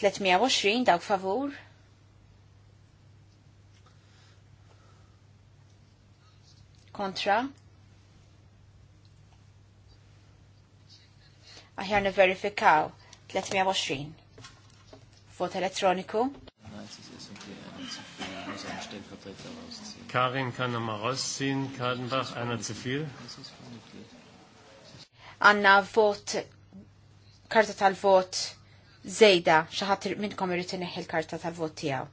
320 dawk favur kontra. Aħjarna verifikaw 320. Vot elettroniku. Karin kann nochmal Kadenbach, einer Zifil. viel. Għanna vot, karta tal-vot zejda, xaħat minnkom irritin il-karta tal-vot tijaw.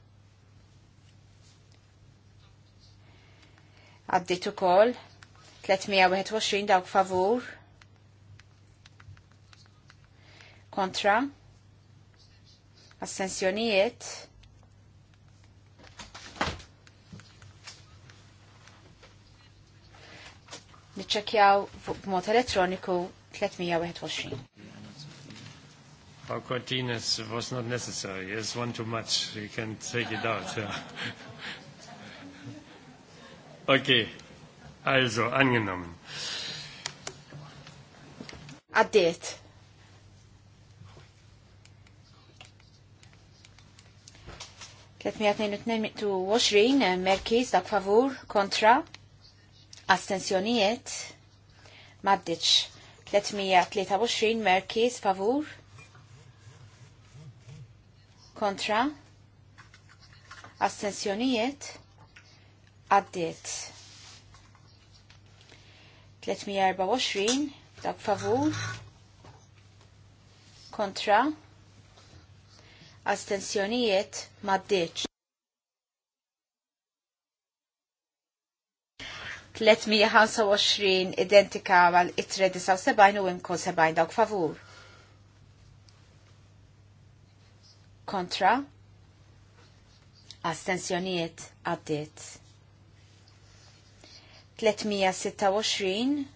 Għaddit u kol 321 dawk favur kontra assenzjonijiet niċċekjaw b'mod elettroniku 321. Frau Cortines was not necessary. It's one too much. You can take it out. Yeah. Okay, also angenommen. Għaddiet. Tletmija merkiz dak favur kontra astensjonijiet maddiċ 323 Merkis, favur kontra astensjonijiet għaddiet. 324 dak favur kontra astensjonijiet maddiċ. 325 identika għal itre 79 u inkon 70 dak favur. Kontra astensjonijiet għaddiet. 326,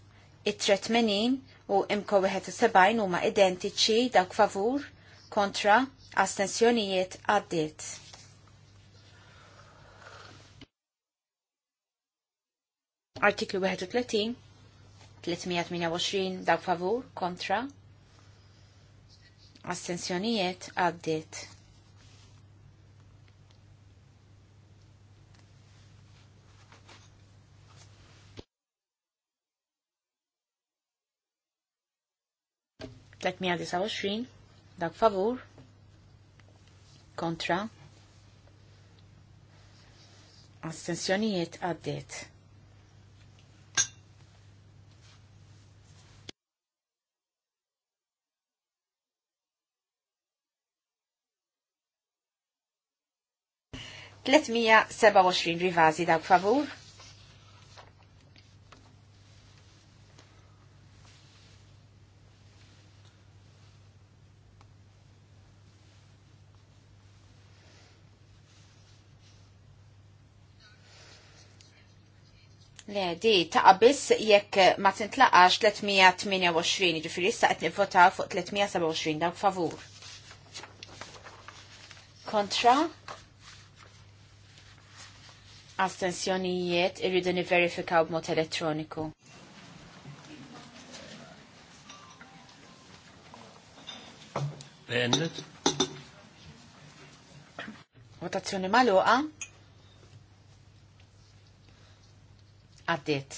it tretmenin u imko 71 huma identiċi dawk favur kontra astensjonijiet għaddiet. Artiklu 31, 328 dawk favur kontra astensjonijiet għaddiet. 329 dak favur kontra astensjonijiet għaddiet. Tletmija seba' rivazi dak favur Le, di, ta' biss jekk ma tintlaqax 328, ġifiri issa qed vota fuq 327 dawk favur. Kontra? Astensjonijiet irridu niverifikaw b'mod elettroniku. Votazzjoni maluqa? Għaddit.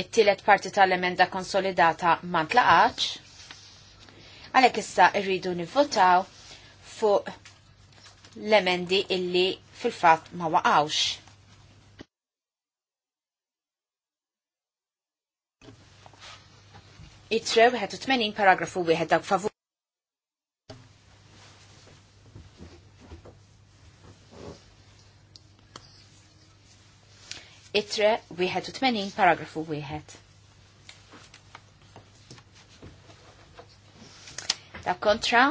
it-tielet parti tal-emenda konsolidata ma tlaqax. Għalhekk issa rridu nivvotaw fuq l-emendi illi fil-fat ma waqawx. Itrew 81 paragrafu wieħed dawk favur. Itre wieħed u tmenin paragrafu wieħed. Ta' kontra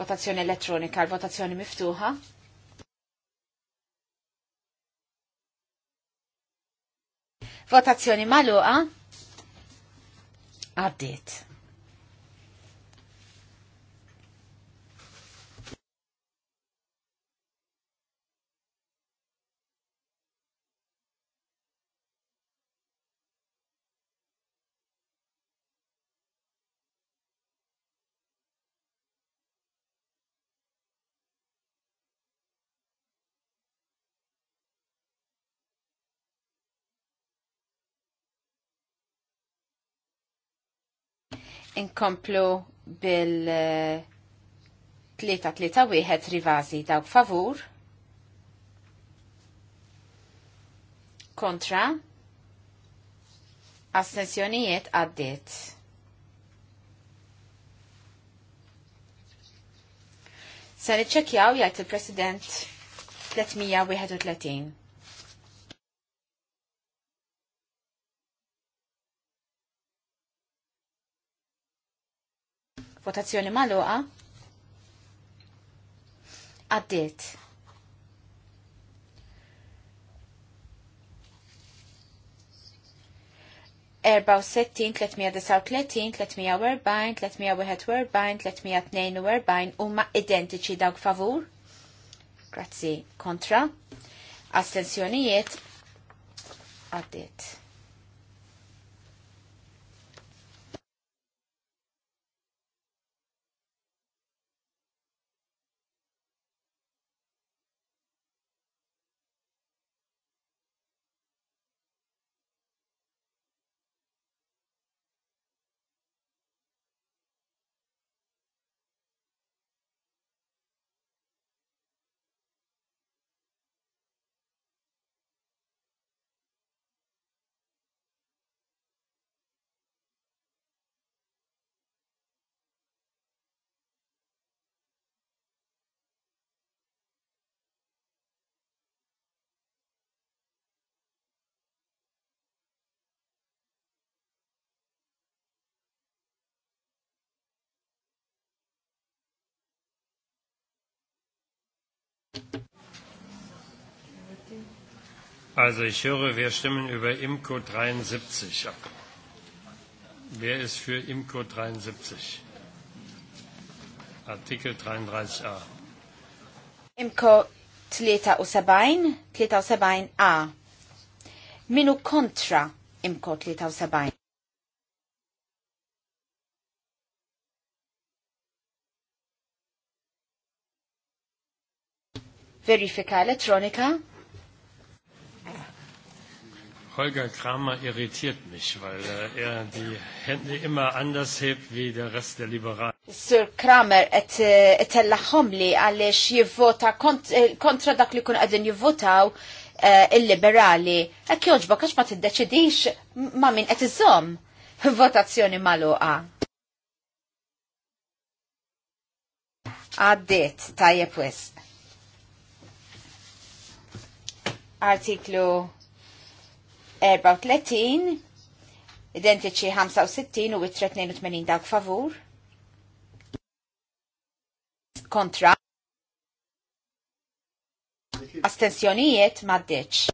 Votazzjoni elettronika, l-votazzjoni miftuħa. Votazzjoni maluqa. Għaddit. inkomplu bil 3-3-1 eh, rivazi dawk favur kontra astensjonijiet għaddit. Se niċċekjaw jgħid il-President 331. votazzjoni maluqa għaddiet. Erba u settin, tletmija disa u tletin, tletmija u erbajn, tletmija u u erbajn, tletmija tnejn u werbajn huma identiċi dawk favur. Grazzi kontra. Astenzjonijiet, għaddiet. Also ich höre, wir stimmen über Imco 73 ab. Wer ist für Imco 73? Artikel 33a. Imco 73, 73a. Minu kontra Imco 73. verifika elettronika. Holger Kramer irritiert mich, weil äh, er die Hände immer anders hebt wie der Rest der Liberalen. Sir Kramer, et, äh, et l-ħomli għalix jivvota kont, äh, kontra dak li kun għadin jivvotaw uh, il-liberali. Ek joġba, kax ma t-deċidix ma minn et iżom votazzjoni maluqa. Għaddit, tajjeb wisq. artiklu 34, identiċi 65 u 382 dawk favur. Kontra. Astensjonijiet maddeċ.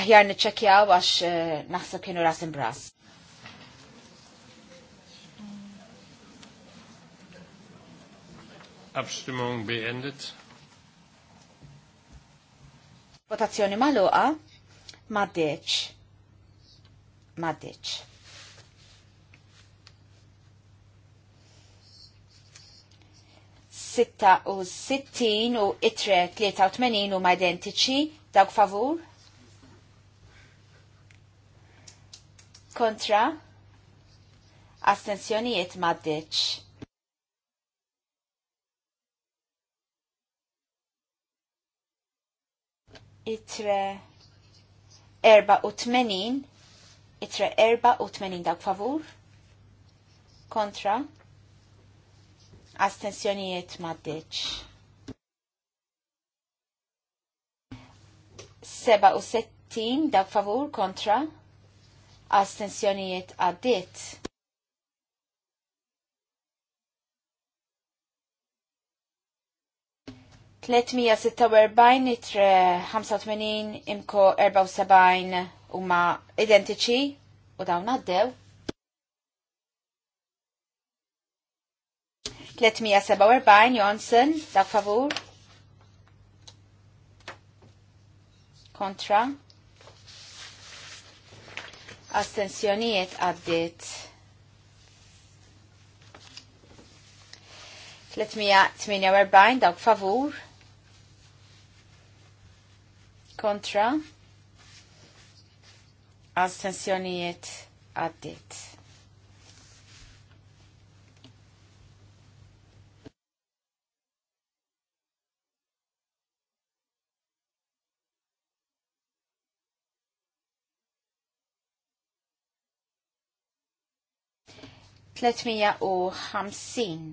Aħjar niċċekjaw għax eh, naħseb kienu ras imbras. Abstimmung beendet. Votazzjoni maluqa Ma deċ. Sitta u sittin u itre 83 u ma identiċi, dawk favur? Kontra? Astenzjonijiet deċ. itre 84 itre 84 dak favur kontra astensjonijiet maddeċ 67 dak favur kontra astensjonijiet għaddit. 346 nitre 85 imko 74 huma identiċi u dawn għaddew. 347 Johnson, dak favur. Kontra. Astensjonijiet għaddit. 348 dawk favur kontra astensjonijiet għaddit. Tletmija u ħamsin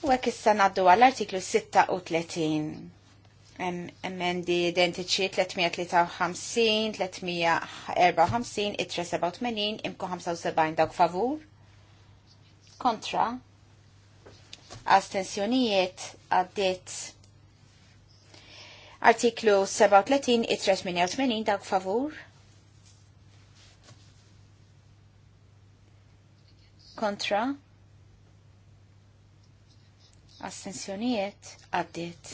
U għek issa naddu għall-artiklu 36. Emendi identiċi 353, 354, it 87, imku 75 dawk favur. Kontra. Astensjonijiet għaddit. Artiklu 37, it 88 dawk favur. Kontra. Astensjonijiet għaddiet.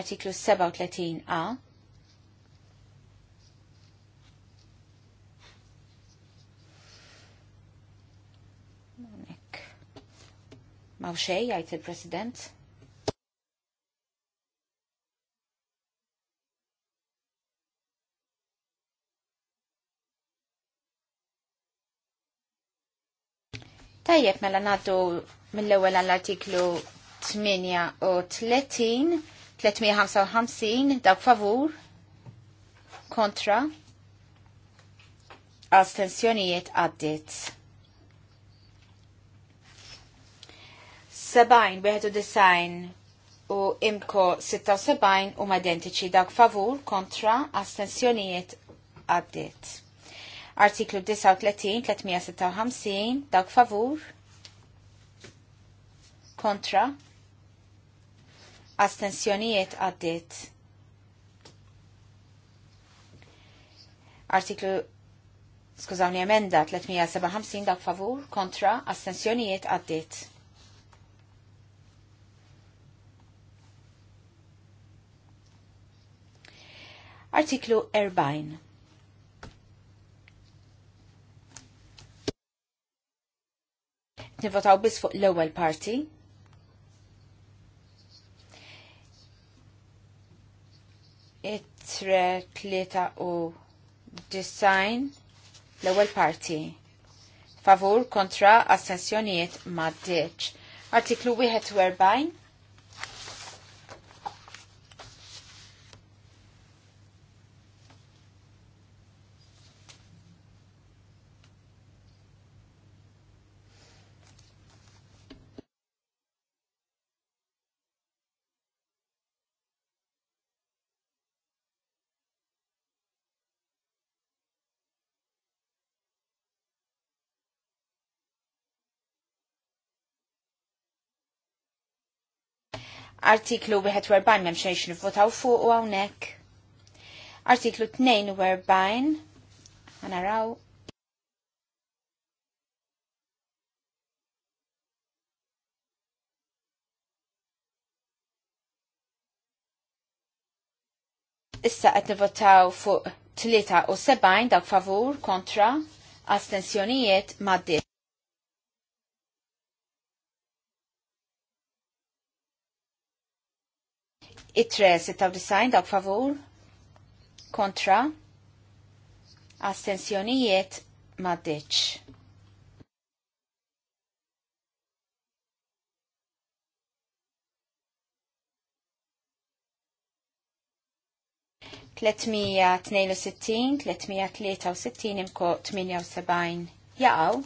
Artiklu 37a. Mawxej, għajt il-President. Tajjeb mela naddu mill-ewwel għall-artiklu 38, 355 dawk favur kontra astensjonijiet għaddit. wieħed u imko 76 u um madentiċi dawk favur kontra astensjonijiet għaddit. Artiklu 39, 356, dawk favur, kontra, astensjonijiet għaddit. Artiklu Skużawni emenda 357 dak favur kontra astensjonijiet għaddit. Artiklu 40. Nivvotaw nivotaw biss fuq l-ewwel parti. Itre tlieta u design l-ewwel parti. Favur kontra astensjonijiet ma' Artiklu 41 Artiklu 41 m'hemm xejn nivvotaw fuq u hawnhekk. Artiklu 42 għanaraw. issa qed nivotaw fuq 73 dak favur kontra astensjonijiet maddi. It-tre 96 dawk favur kontra astensjonijiet maddiċ. Tletmija tnejn u sittin, tletmija tlieta u sittin imko tminja u sebajn jaqaw.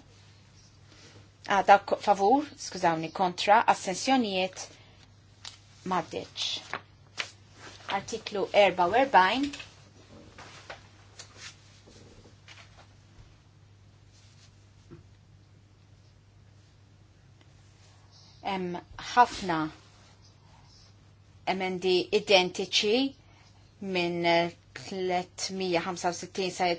Għada ah, favur, skużawni, kontra, assensjonijiet maddeċ artiklu 44 hemm ħafna emendi identiċi minn 365 sa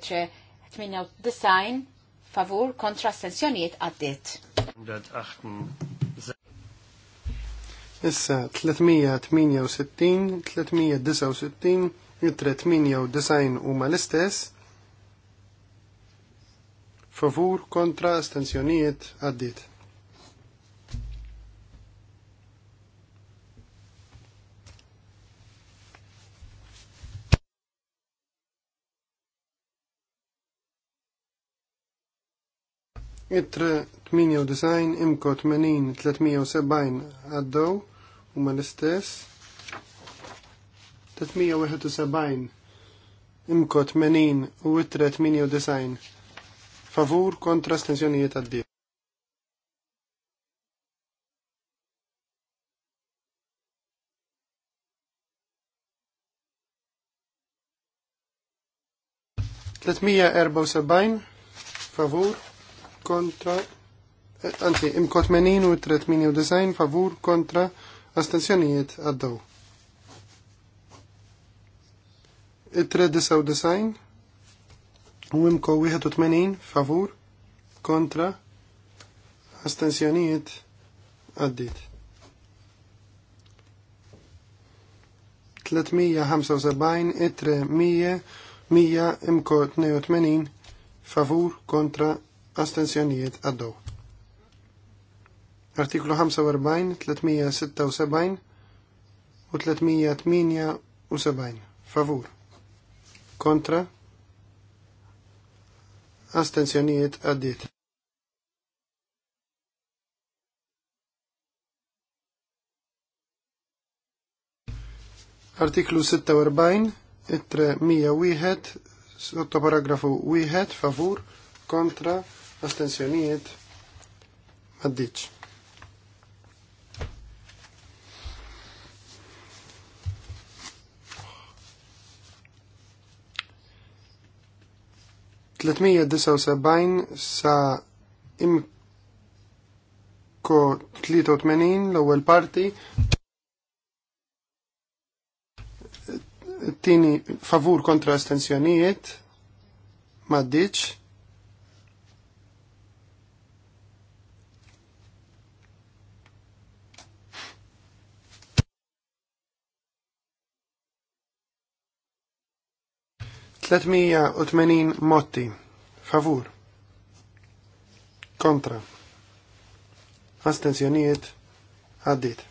98 favur kontra stensjonijiet għaddit. Issa 368, 369, 398 huma l-istess. Favur kontra astensjonijiet għaddit. Itre 98, imko 80, 370 għaddew huma l-istess. 371 imko 80 u 398 favur kontra stenzjonijiet għaddi. Tletmija erba' favur kontra anzi imkot menin u tret u 398 favur kontra astenzjonijiet għaddaw. Il-399 u imko 81 favur kontra astenzjonijiet għaddit. 375 itre 100 100 imko 82 favur kontra astenzjonijiet għaddaw. Artiklu 45, 376 u 378. Favur. Kontra. Astenzjonijiet għaddit. Artiklu 46, 301, sotto paragrafu 1, favur, kontra, astenzjonijiet, għaddiċ. 379 sa imko 83 l-ewwel parti tini favur kontra estensjonijiet maddiċ 380 motti. Favur. Kontra. Astenzjonijiet. Addit.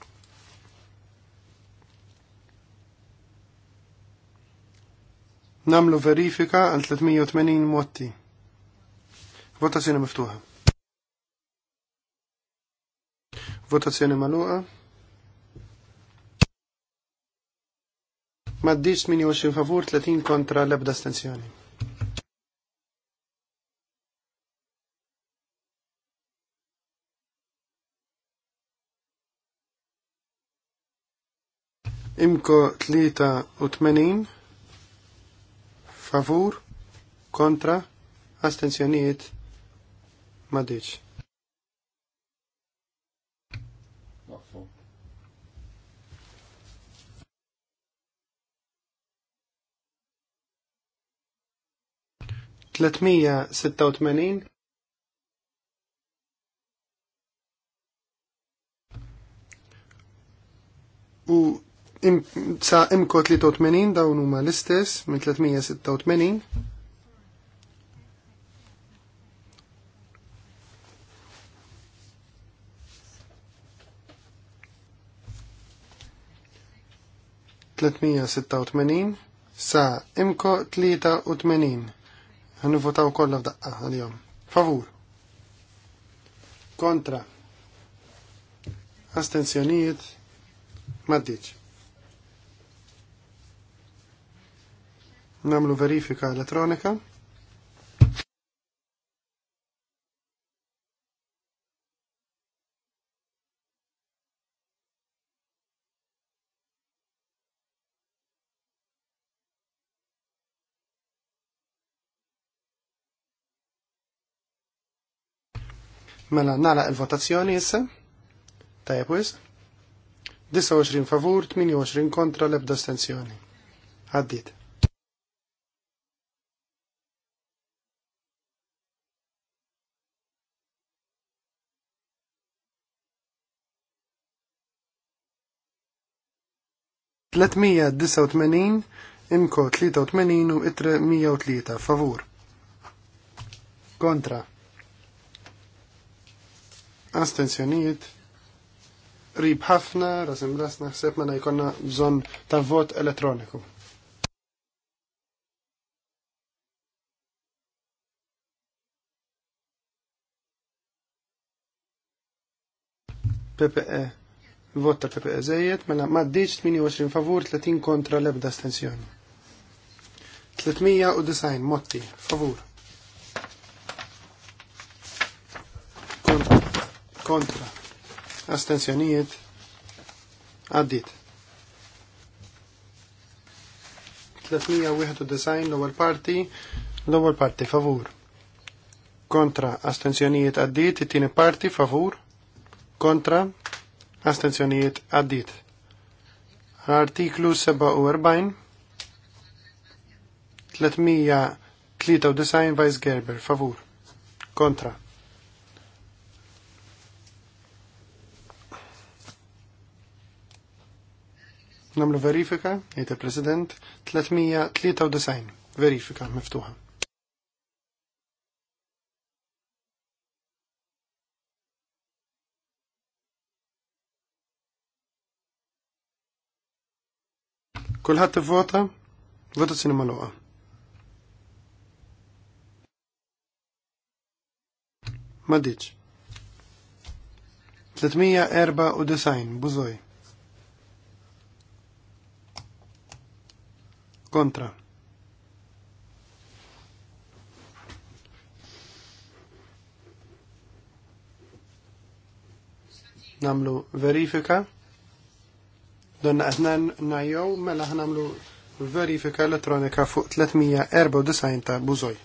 Namlu verifika għal 380 motti. Votazzjoni miftuħa. Votazzjoni maluqa. Maddiċ 28 favur, 30 kontra l-ebda stenzjoni. Imko 83 favur kontra astenzjoniet maddiċ. 386 u im, sa imko 83 dawn huma l-istess minn 386 386 sa imko 83 Għannivotaw kollha f'daqqa għal-jom. Favur. Kontra. Astenzjonijiet. Maddiċ. Namlu verifika elettronika. Mela nagħlaq il-votazzjoni issa. Tajjeb wis. 29 favur, 28 kontra l-ebda astenzjoni. Għaddit. Tletmija utmenin, imko 83 u itre utlita, favur. Kontra astenzjonijiet rib ħafna, rasim ras naħseb ma najkonna bżonn ta' vot elettroniku. PPE, vot tal PPE zejiet, mela maddiċ 28 favur, 30 kontra l-ebda astenzjoni. 309 motti, favur. kontra, Astenzjonijiet għaddit. 391 l-ewwel parti, l-ewwel parti favur. Kontra astenzjonijiet għaddit, it-tieni parti favur. Kontra astenzjonijiet għaddit. Artiklu 47 393 Vice Gerber favur. Kontra Namlu verifika, jgħid president 393, verifika miftuħa. Kulħadd ivvota, votazzjoni magħluqa. Ma ditx. 394 buzoj. kontra. Namlu verifika. Donna għetnan najow mela namlu verifika elektronika fuq 394 ta' buzoj.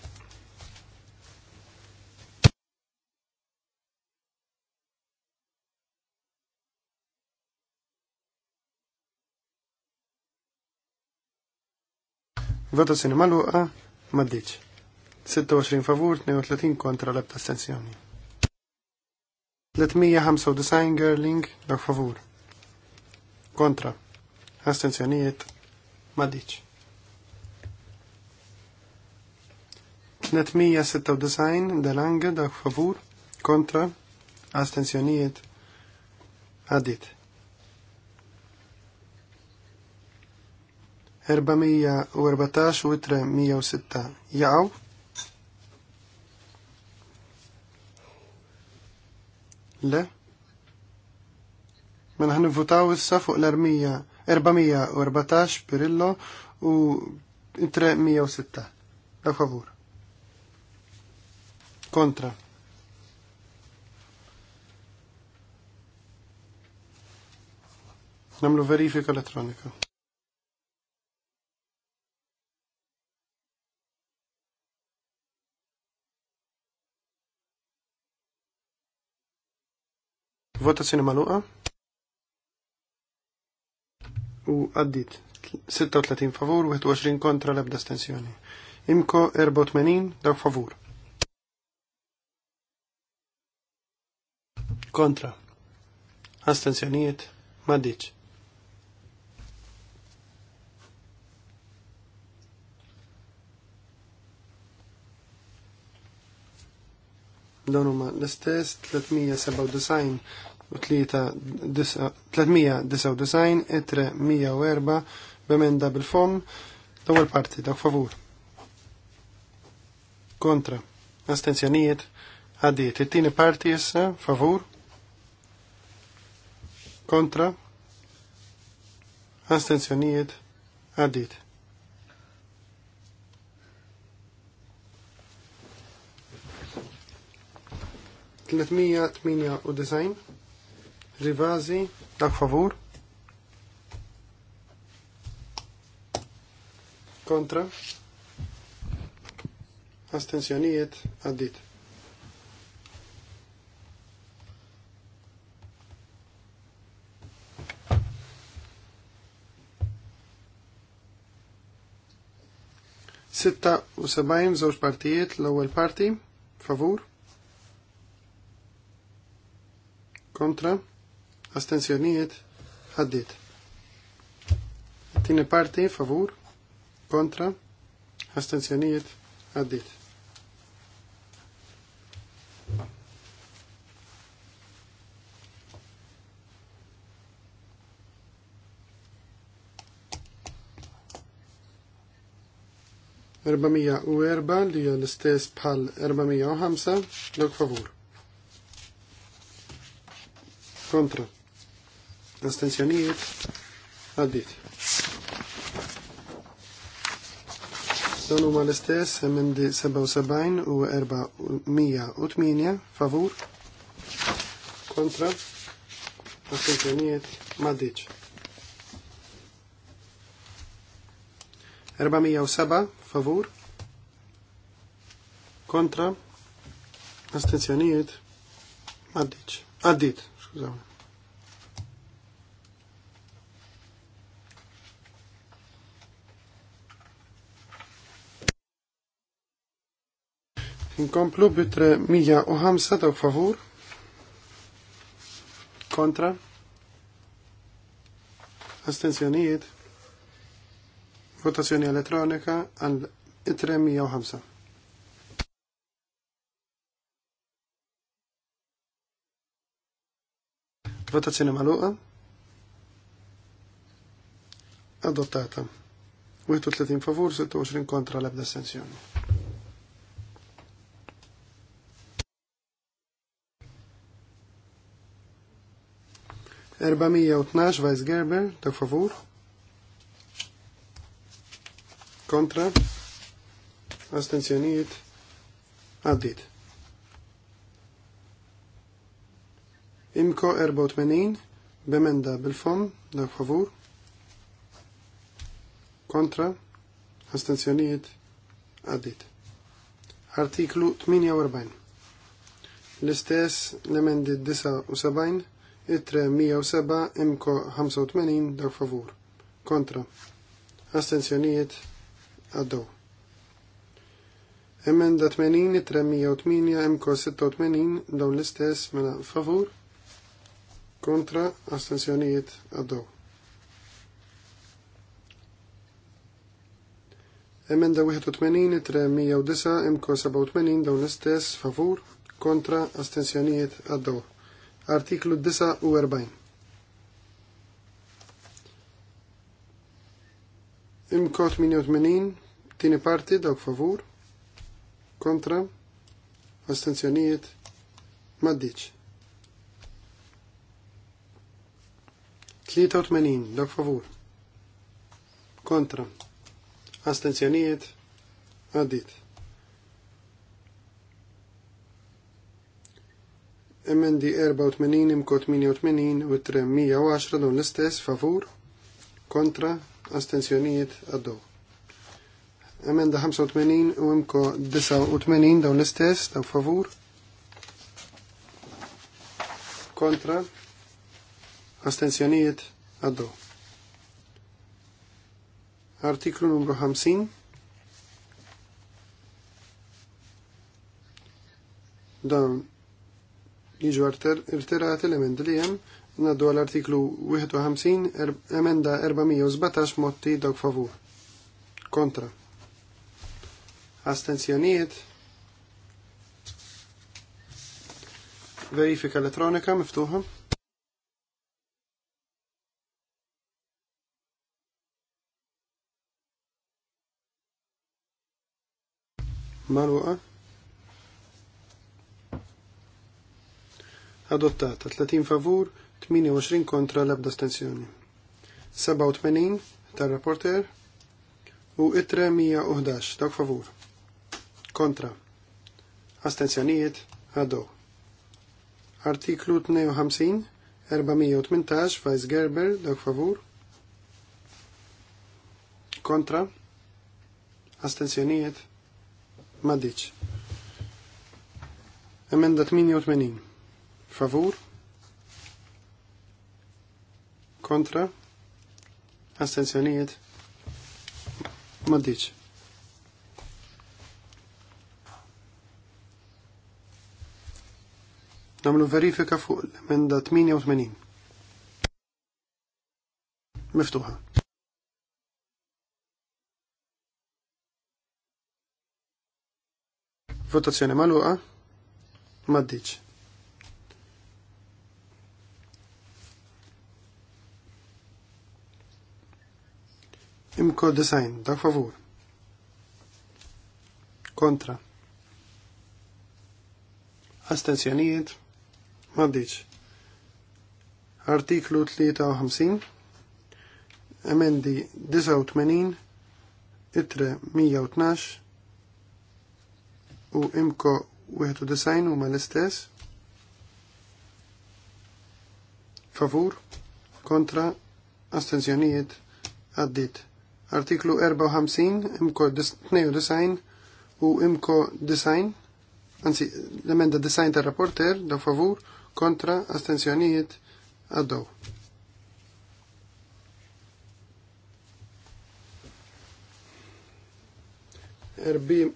Vota Votazzjoni maluqa maddiċ. 26 favur, 32 kontra l abtastenzjoni 395 Gerling dak favur. Kontra. Astenzjonijiet maddiċ. 396 delange, dak favur. Kontra. Astenzjonijiet għaddit. 414 u 306 jaqaw. Le? Mela ħan votaw issa fuq l-414 Pirillo u 306. Da favur. Kontra. Namlu verifika elettronika. Votazzjoni maluqa. U għaddit 36 favur, 21 kontra l-ebda stensjoni. Imko 84 daw favur. Kontra. Astenzjonijiet maddiċ. dawn huma l-istess 397 399 etre 104 b'emenda bil-fom l-ewwel parti dak favur. Kontra. Astenzjonijiet għaddiet. It-tieni parti issa favur. Kontra. Astenzjonijiet għaddiet. Tletmija tminja u design. Rivazi, per favor. Contra? Astensioniet, addit. Sitta u sebajn żewġ partijiet l-ewwel parti favur kontra astenzjonijiet għaddit. Tini parti favur kontra astenzjonijiet ħaddit. Erbamija u erba li hija l-istess lok favur. Kontra l astensjonijiet, għaddit. Dan huma l-istess emendi 77 u 408 favur kontra l astensjonijiet maddiċ. 407 favur kontra l astensjonijiet maddiċ. Għaddit, skużawni. Inkomplu bitre 105 ta' favur. Kontra. Astenzjonijiet. Votazzjoni elettronika għal itre 105. Votazzjoni maluqa. Adottata. 31 favur, 26 kontra l-ebda 412 Vice Gerber, ta' favor. Kontra. Astenzjonijiet. Addit. Imko 84 b'emenda bil-fom, ta' favur. Kontra. Astenzjonijiet. Għaddit. Artiklu 48. L-istess l emendit 79 itre 107 imko 85 daw favur. Kontra. Astenzjonijiet għaddew. Emenda 80 itre 108 imko 86 daw l-istess mela favur. Kontra. Astenzjonijiet għaddew. Emenda 81 itre 109 imko 87 daw l-istess favur. Kontra. Astenzjonijiet għaddew artiklu 49. Imkot 88, tini parti dawk favur, kontra, astenzjonijiet, maddiċ. 83, dawk favur, kontra, astenzjonijiet, maddiċ. MND 84 imkot 88 u 310 dun l-istess favur kontra astensjonijiet għaddu. MND 85 u imko 89 dawn l-istess daw favur kontra astensjonijiet għaddu. Artiklu numru 50 dawn jiġu irtirati element li jem naddu għal-artiklu 51 er- emenda 417 motti dawk favur. Kontra. Astenzjonijiet. Verifika elettronika miftuħa. Malwaqa? adottata 30 favur, 28 kontra l-ebda stenzjoni. 87 tar-rapporter u itre 111 dak favur. Kontra. Astenzjonijiet għaddu Artiklu 52 418 Vajs Gerber dak favur. Kontra. Astenzjonijiet maddiċ. Emenda 88 favur kontra astenzjonijiet maddiċ. Namlu verifika fuq l-emenda 88. Miftuħa. Votazzjoni maluqa. Maddiċ. Imko design, dak favor. Kontra. Astenzjonijiet. Maddiċ. Artiklu 53. Emendi 89. Itre 112. U imko design u ma l-istess. Favur. Kontra. Astenzjonijiet. Addit artiklu 54, imko 92 u imko design, anzi l-emenda design tar rapporter da favur kontra astenzjonijiet għaddew.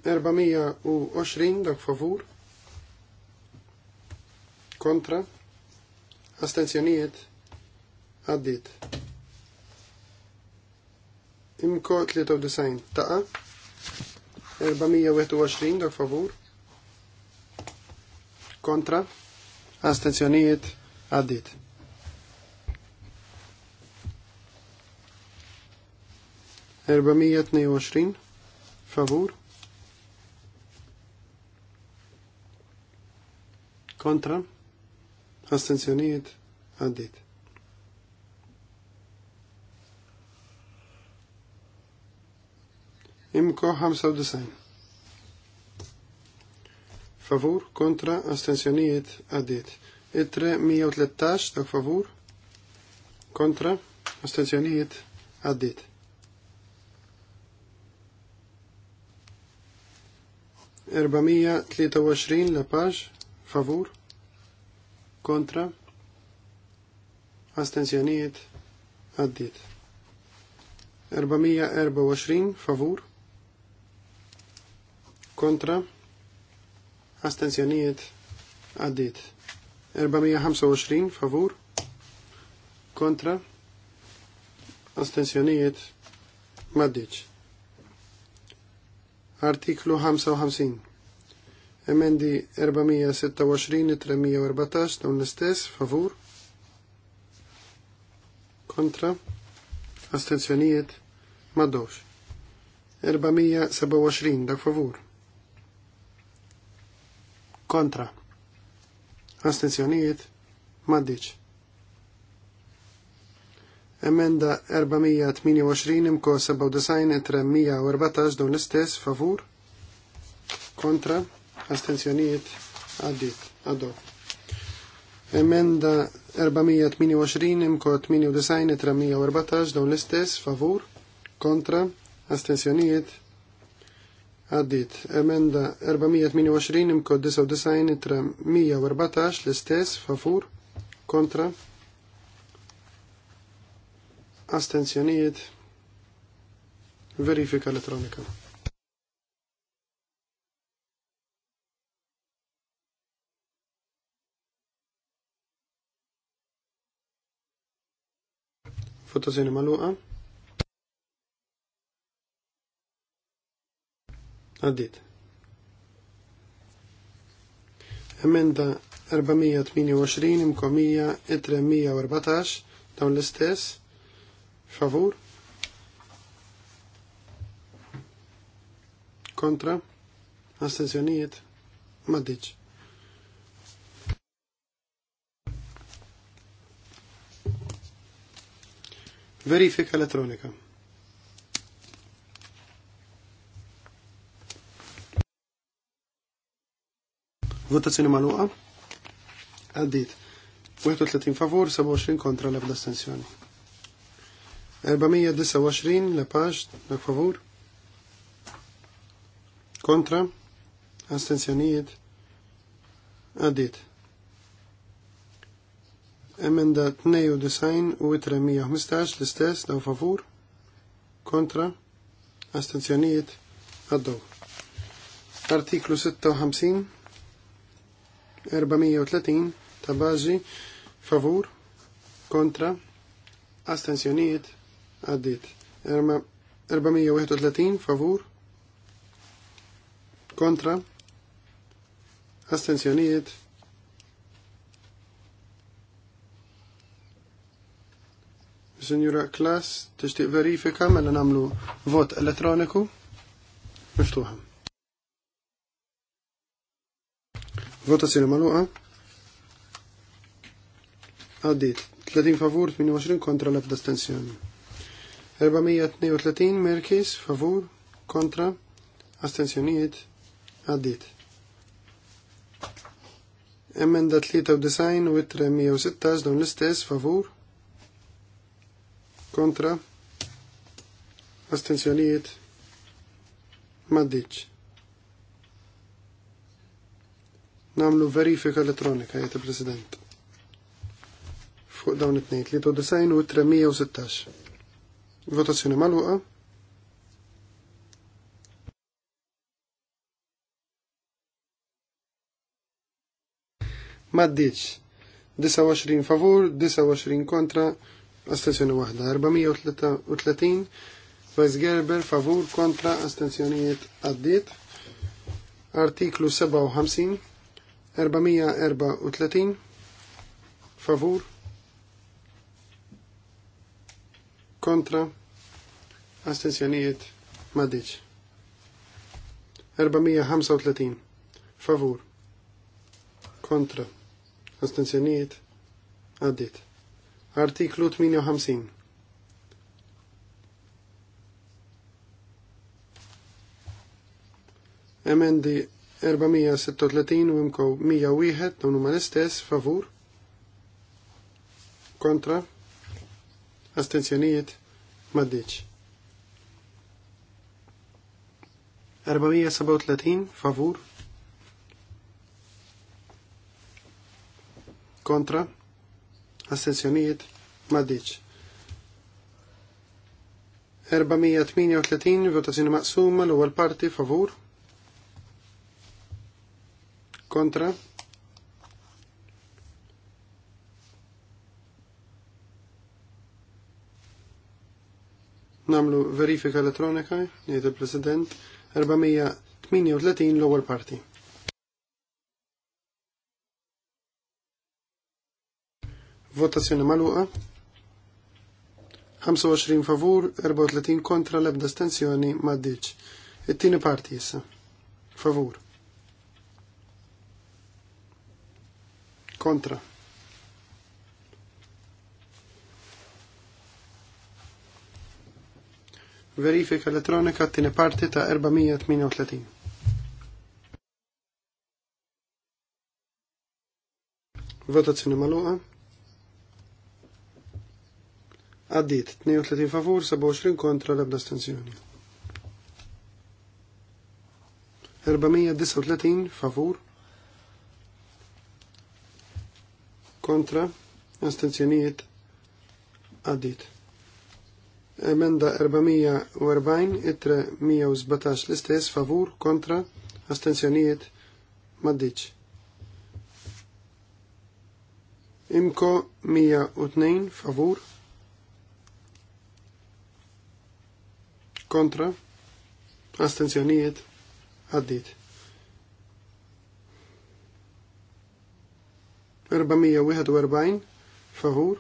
Erbamija u oxrin, dak favur kontra astenzjonijiet għaddit imko 93 taqa 421 dak favur kontra astenzjonijiet għaddit. Erbamija favur kontra astenzjonijiet għaddit. Imko 95. Favur kontra astensjonijiet għaddiet. Itre 113 dak favur kontra astensjonijiet għaddiet. Erbamija la paġ favur kontra astensjonijiet għaddiet. 424 favur kontra, astenzjonijiet għaddit. 425 favur, kontra, astenzjonijiet maddiċ. Artiklu 55. Emendi 426-314 dawn l-istess, favur, kontra, astenzjonijiet maddoċ. 427 dak favur kontra, astenzjonijiet, maddiċ. Emenda 428 imko 97 314 dawn l-istess favur kontra astenzjonijiet għaddit addo. Emenda 428 imko 98 314 dawn l-istess favur kontra astenzjonijiet Għaddit, emenda 428 imkod 99 itra 114 l-istess, fafur kontra, astenzjonijiet, verifika elettronika. Fotosini maluqa. Għaddit. Emenda 428 imkomija 314 dawn l-istess. Favur. Kontra. Astenzjonijiet. Maddiċ. Verifika elettronika. Votazzjoni maluqa. Għaddit. 31 favur, 27 kontra l-ebda astensjoni. 429 l-paġ, l-favur. Kontra. Astensjonijiet. Għaddit. Emenda 92 u 315 l-istess, daw favur. Kontra. Astenzjonijiet Għaddu. Artiklu 56 430 ta' bażi favur kontra astensjonijiet għaddit 431 favur kontra astensjonijiet Signora Klas, tixtieq verifika mela nagħmlu vot elettroniku miftuħa. Votazzjoni maluqa. Għaddit. 30 favur, 28 kontra l abdastenzjoni 432 merkis favur kontra astenzjoniet għaddit. Emenda 93 u 316 dawn l-istess favur kontra astenzjoniet maddiċ. namlu verifika elettronika, jgħet il-President. Fuq dawn it-tnejn, design u 316. Votazzjoni maluqa. Maddiċ. 29 favur, 29 kontra, astenzjoni waħda. 433, Vice Gerber, favur, kontra, astensjonijiet għaddiet. Artiklu 57, 434 favur kontra astensjonijiet madiċ 435 favur kontra astensjonijiet għaddit artiklu 58 emendi 436 u imkow 101 dawn huma l-istess favur kontra astenzjonijiet maddiċ. 437 favur kontra astenzjonijiet maddiċ. 438 votazzjoni maqsuma l-ewwel parti favur kontra namlu verifika elettronika, jgħid il-President, 438 l-ewwel parti. Votazzjoni magħluqa. 25 favur, 34 kontra l-ebda stenzjoni maddiċ. It-tieni parti issa. Favur. Kontra. Verifika elettronika t-tini parti ta' 438. Votazzjoni maluqa. Għaddit 32 favur, 27 kontra l-ebda stenzjoni. 439 favur, kontra, astenzjonijiet għaddit. Emenda 440, itre 117 l-istess, favur, kontra, astenzjonijiet maddiċ. Imko 102, favur, kontra, astenzjonijiet għaddit. 441 favur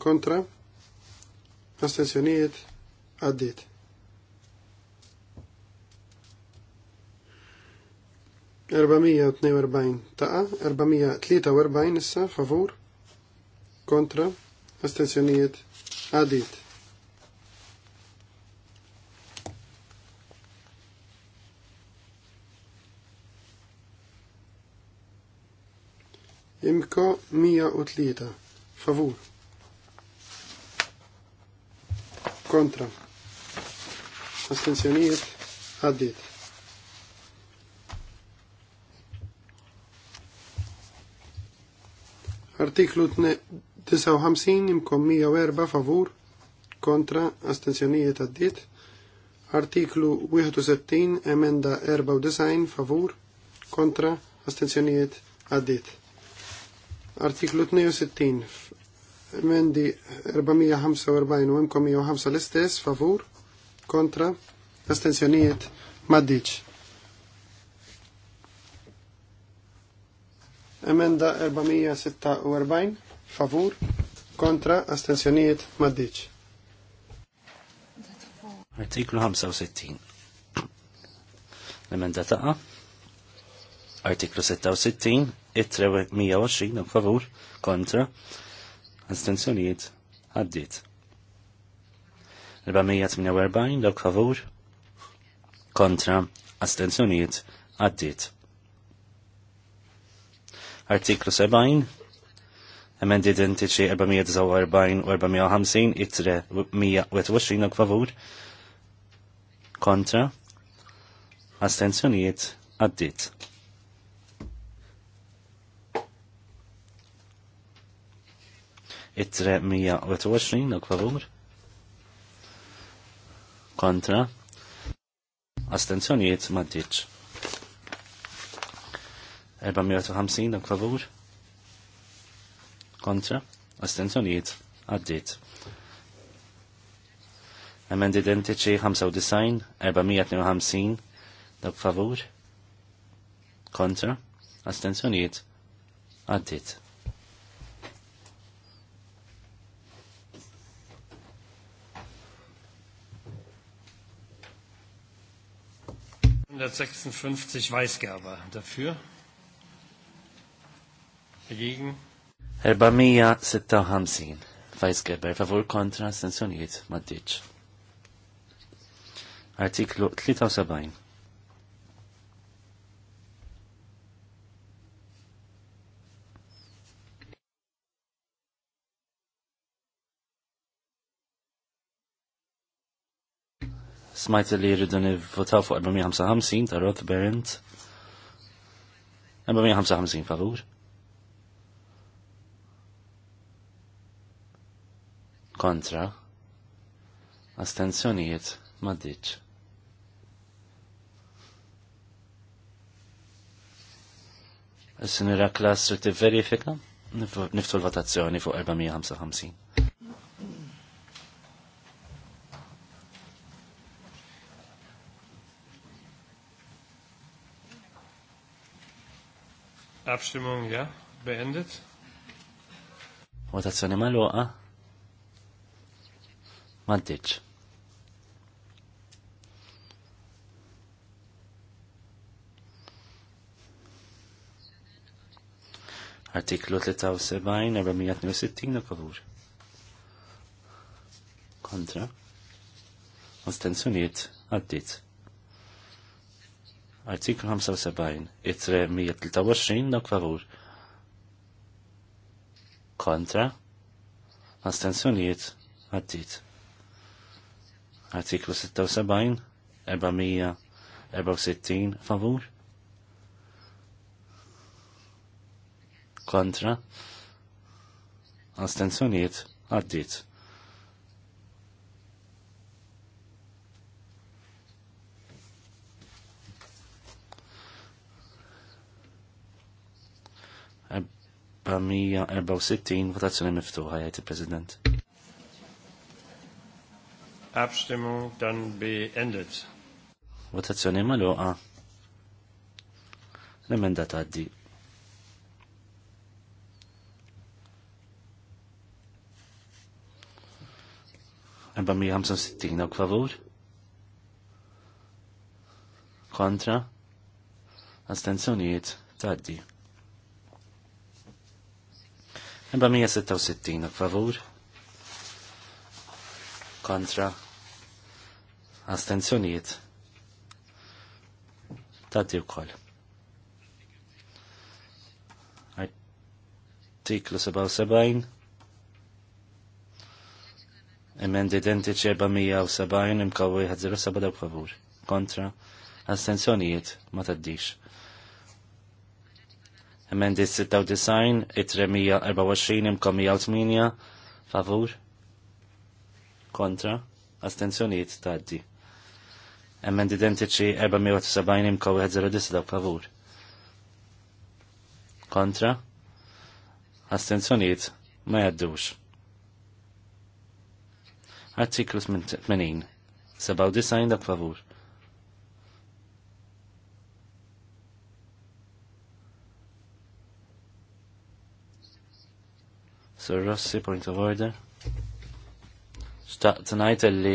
kontra astensjonijiet għaddiet. Erbamija tnej erbajn taqa, erbamija tlita erbajn issa favur kontra astensjonijiet għaddiet. Imko 103. Favur. Kontra. Astenzjonijiet għaddit. Artiklu 59 imkom 104 favur kontra astenzjonijiet għaddit. Artiklu 61 emenda 94 favur kontra astenzjonijiet għaddit. Artiklu 62 emendi 445 u imkom 105 l-istess favur kontra astenzjonijiet maddiċ. Emenda 446 favur kontra astenzjonijiet maddiċ. Artiklu 65. L-emenda taqa. Artiklu 66 it-tre 120 favur kontra astensjonijiet għaddit. 448 dawk favur kontra astenzjonijiet għaddit. Artiklu 70 emendi identiċi 449 u 450 it-tre 120 favur kontra astenzjonijiet għaddit. it-320 dak favur kontra astenzjonijiet ma ddiċ 450 dak favur kontra astenzjonijiet għaddit Emend identiċi 95, 452, dak favur, kontra, astenzjonijiet għaddit. 456 Weisgerber dafür. Dagegen. 456 Weisgerber favur kontra sensjonijiet Matic. Artikel 73 smajt li jridu nivvotaw fuq 455 ta' Roth Berend. 455 favur. Kontra. Astenzjonijiet maddiċ. Is-sinira klass verifika? Niftu l-votazzjoni fuq 455. Abstimmung, ja, beendet. Votazzjoni maluqa. Mantiċ. Artiklu 73, 462, favur. Kontra. Ostensjoniet, għaddit. Artiklu 75, it-tre 123, dak favur. Kontra, astensjonijiet, għaddit. Artiklu 76, 464, favur. Kontra, astensjonijiet, għaddit. 164 votazzjoni miftuħa jgħid il-President. Abstimmung bi beendet. Votazzjoni magħluqa. L-emenda tgħaddi. Ebba 165 dawk favur? Kontra? Astenzjonijiet tgħaddi. Imba 166 favur kontra astenzjonijiet tati u kol. Artiklu 77 emendi identiċi 470 imkawi 107 daw favur kontra Astenzjoniet, ma taddix. Emendi 96, it-remija 24, imkomija 8, favur, kontra, astenzjoniet taddi. Emendi identiċi 47 imkow 109, favur, kontra, astenzjoniet ma jaddux. Artiklu 80, 97 dak favur, Sir Rossi, point of order. Staq tonight illi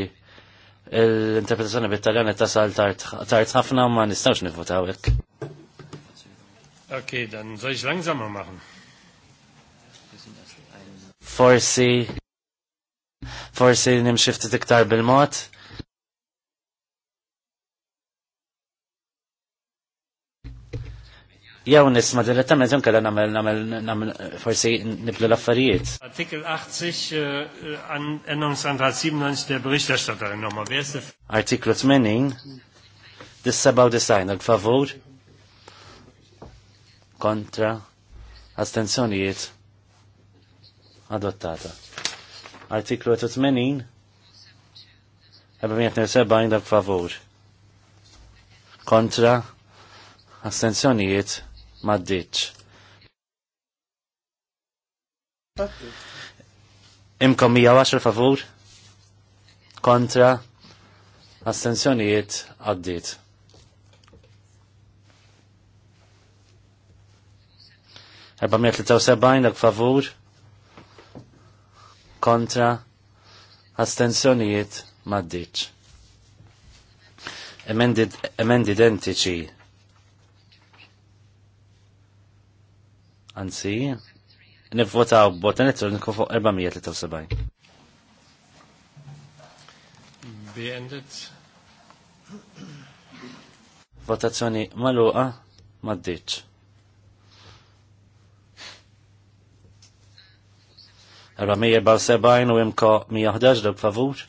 l-interpretazzjoni bit-Taljan tasal tard ħafna ma nistgħux nifutaw hekk. Okay, dan soll ich langsamer machen. Forsi, forsi nimxifti iktar bil-mod jew nisma direttament anke nagħmel nagħmel forsi niblu l-affarijiet. Artikel 80 eh, an Änderungsantrag 97 der Berichterstatterin nochmal. Wer ist Artikel 80 dis-97 al favor kontra astenzjonijiet adottata. Artikel 80 472 dak favur. Kontra astenzjonijiet maddiċ. Imkom 110 favur kontra astensjonijiet għaddit. Erba' 473 dak favur kontra Astenzjonijiet maddiċ. Emendi identiċi Anzi, nivvotaw bot elettroniku fuq 473. Beendet. Votazzjoni maluqa maddiċ. 474 u imko 111 dub favur.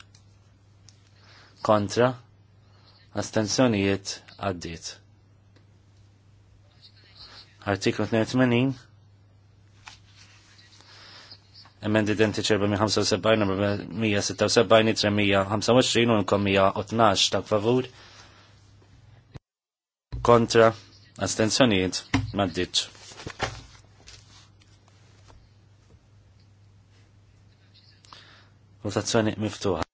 Kontra. Astenzjonijiet għaddit. Artiklu 82. Emendi denti ċerba identiċi nr. 176, 325 u nkom 112 ta' favur. Kontra, astenzjoniet, maddiċ. Votazzjoni miftuħa.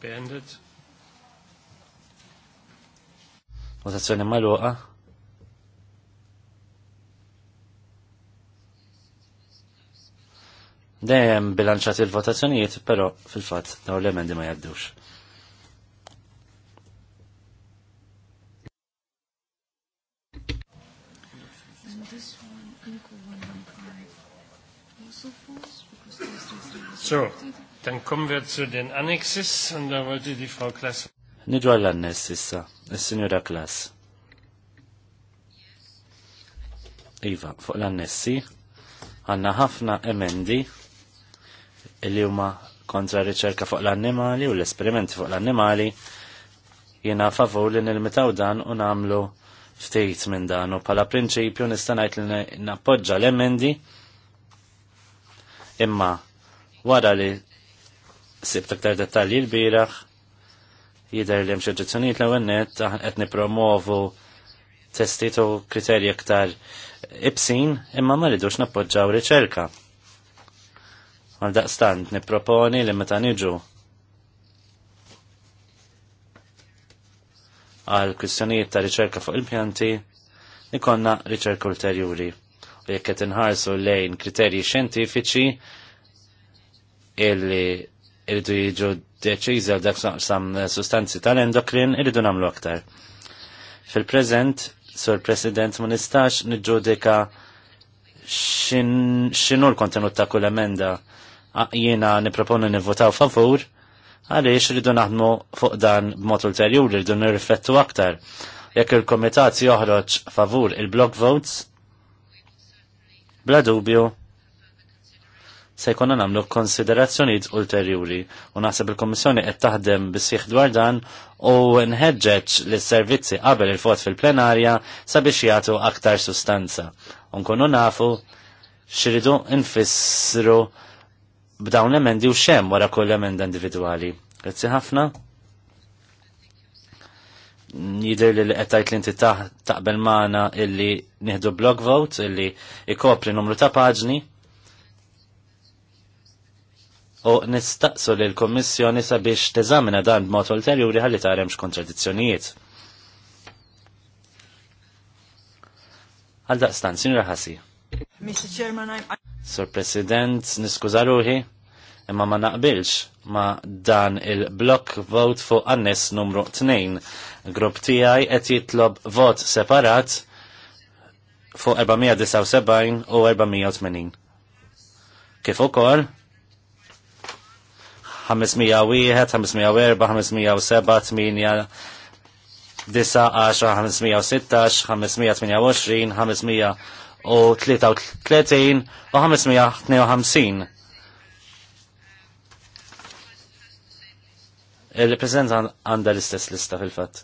Beendet. Votazzjoni maluqa. Dejjem bilanċat il-votazzjonijiet, pero fil fat daw l-emendi ma jaddux. So, dann kommen zu den Annexes und da wollte die Frau Klaas. Nidu għall-annes issa, il-Signora Klaas. Iva, fuq l-annessi, għanna ħafna emendi li huma kontra riċerka fuq l-annimali u l-esperimenti fuq l-annimali jiena favur li nilmitaw dan u namlu ftejt minn dan u pala prinċipju nistanajt li nappoġġa l-emendi imma wara li sibt aktar dettalji l-biraħ jider li mxieġezzjoniet l-għennet qed nipromovu testi u kriterji aktar ibsin imma ma rridux nappoġġaw riċerka. Għal daqstant niproponi li meta niġu għal kwistjonijiet ta' riċerka fuq il-pjanti, nikonna riċerka ulterjuri. U jekk qed inħarsu lejn kriterji xjentifiċi illi irridu jiġu deċiżi għal dak sam sustanzi tal-endokrin irridu nagħmlu aktar. Fil-preżent, Sur President, ma nistax niġġudika x'inhu l-kontenut ta' kull emenda jiena niproponu nivvotaw favur għaliex rridu naħdmu fuq dan b'mod ulterjuri rridu nirriflettu aktar. Jekk il-komitat joħroġ favur il-block votes, bla dubju se jkunna nagħmlu konsiderazzjonijiet ulterjuri u naħseb il-Kommissjoni qed taħdem bisih dwar dan u nħeġġeġ lis servizzi qabel il-vot fil-plenarja sabiex jagħtu aktar sustanza. U nkunu nafu xiridu nfissru b'dawn l-emendi u xem wara kull emenda individwali. Grazzi ħafna. Jider li l-qettajt li inti taqbel maħna illi nieħdu blog vote, illi ikopri numru ta' paġni. U nistaqsu li l komissjoni sabiex teżamina dan b'mod ulterjuri ħalli remx x'kontradizzjonijiet. Għal daqstan, sinjura ħasi. Mr. Chairman, I'm... Sir President, niskuża ruħi imma ma naqbilx ma dan il-block vote fuq annes numru 2. Grupp tiegħi qed jitlob vot separat fuq 479 u 480. Kif ukoll 501, 504, 507, 10, 516, 528, 533 u 552 Il-reprezentant għanda l-istess lista fil-fat.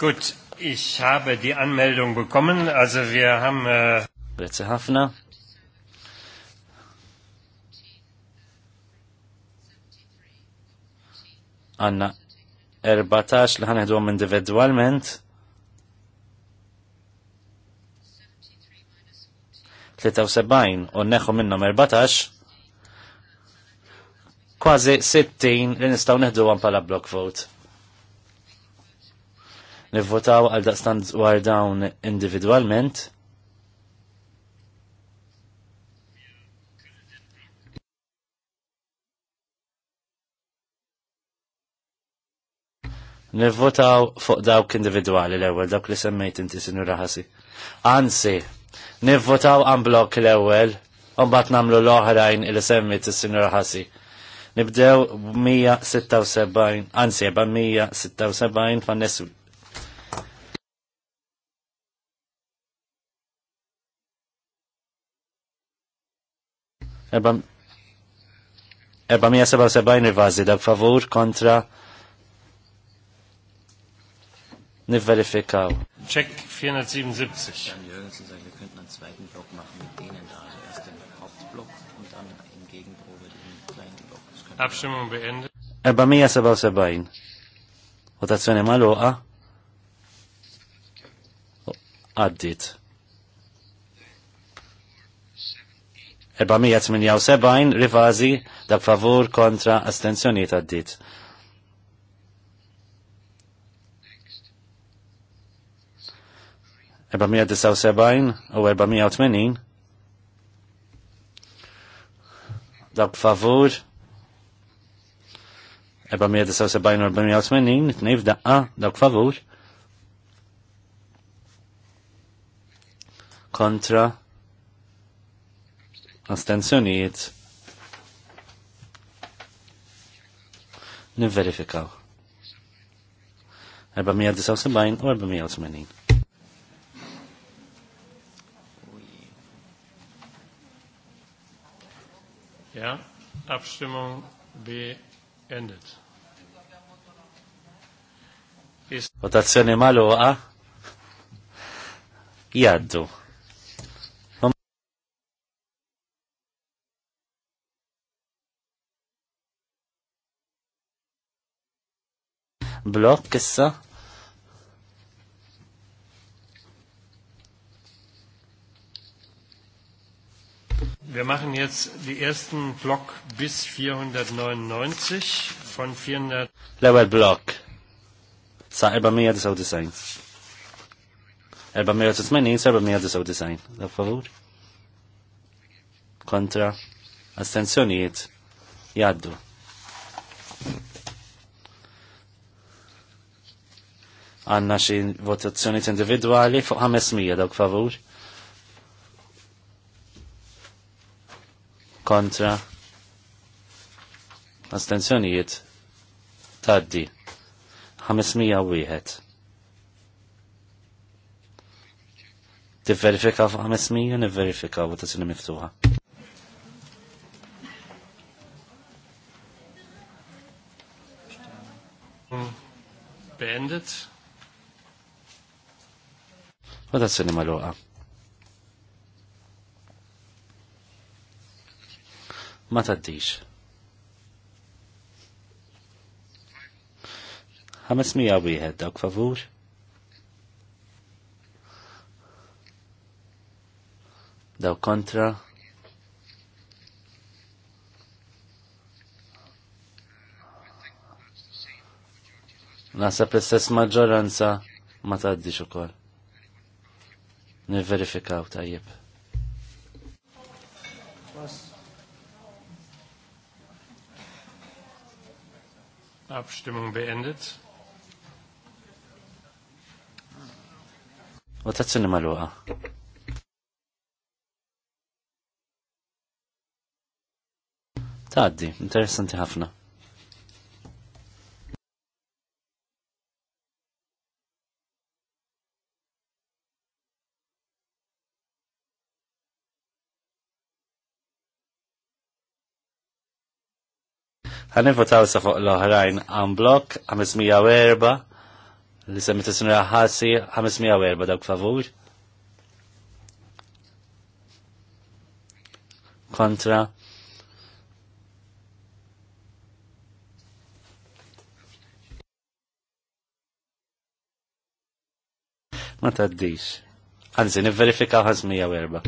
Gut, ich habe die Anmeldung bekommen, also wir haben... Äh, Grazie ħafna. Għanna 14 li ħanħedu għom individualment. 73 u neħu minnom 14 kważi 60 li nistgħu neħdu għan pala block vote. Nivvotaw għal daqstan dwar dawn individualment. Nivvotaw fuq dawk individuali l-ewwel dawk li semmejt inti sinjura raħasi. Anzi, nivvotaw għan blok l-ewwel un bat nagħmlu l-oħrajn li semmejt is-sinjura ħasi. Nibdew 176, anzi 176 fan nessu. Erba 177 rivazi dak favur kontra nivverifikaw. Check 477. Abstimmung beendet. 477. Votazzjoni maluqa. Għaddit. 478 rifazi da favur kontra astenzjoniet għaddit. Eba 179 u 480 dak favur 479 480 tnej f'daqqa dawk favur kontra Astenzjoniet. nivverifikaw 479 u 480 Ja, Abstimmung beendet. Votazzjoni maluqa. Jaddu. Blok kissa. Wir machen jetzt die ersten Block bis 499 von 400. Level Block sa 499. 480 sa 499. Da favur? Kontra? Astenzjoniet. Jaddu. Għanna xin votazzjoniet individuali fuq 500 dawk favur. Kontra? Astenzjoniet. Taddi. 501. Tivverifika fuq 500, nivverifika votazzjoni miftuħa. Beendet. Votazzjoni maluqa. Ma taddix. 501 dawk favur. Daw kontra. Nasab l-istess maġġoranza ma taddix ukoll. Nivverifikaw tajjeb. Abstimmung beendet. Votazzjoni maluqa. Taddi, interessanti ħafna. Għan votaw sa fuq l-oħrajn għan blok 504 Li semmi t-sinra ħassi 504 dak favur. Kontra. Ma taddix. Anzi, nivverifika 504.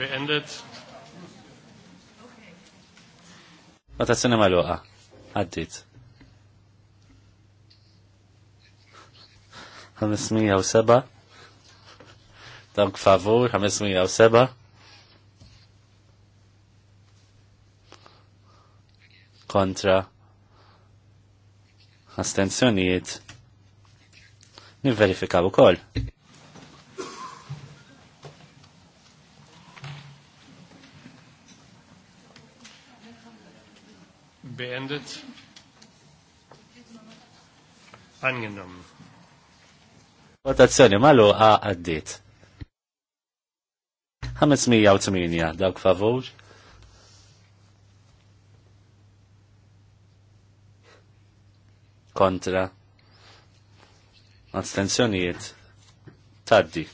Beendet. Ma ta' sinema l-uqa. Għaddit. 507 Dawk favur, 507 Kontra Astenzjonijiet Niverifikaw u koll. beendet. Angenommen. Votazzjoni malu a għaddit. 508 dawk favur. Kontra. Astenzjonijiet. Taddi.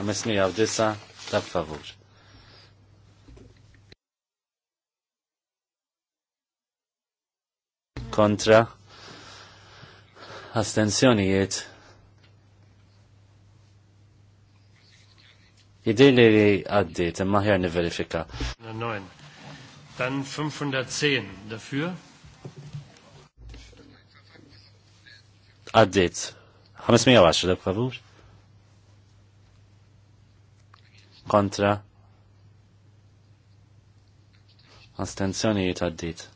509 dawk favur. kontra astensjonijiet Jidir li li għaddit, imma ħjar niverifika. Dan 510 dafür. Għaddit. 510 dak favur. Kontra. Astenzjoni jitaddit. għaddit.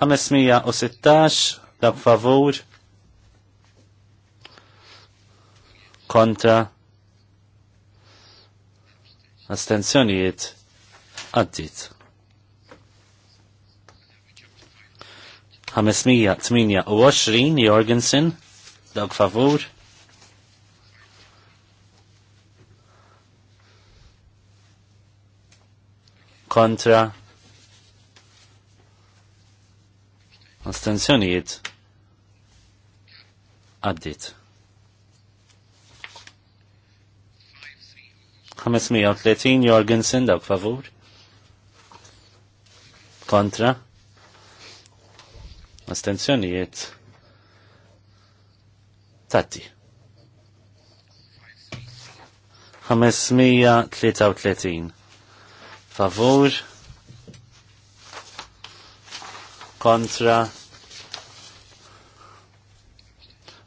516 dab favur kontra astenzjonijiet għaddit. 528 Jorgensen dab favur kontra Astenzjonijiet għaddit. 530 Jorgensen dawk favur. Kontra. Astenzjonijiet tatti. 533 favur kontra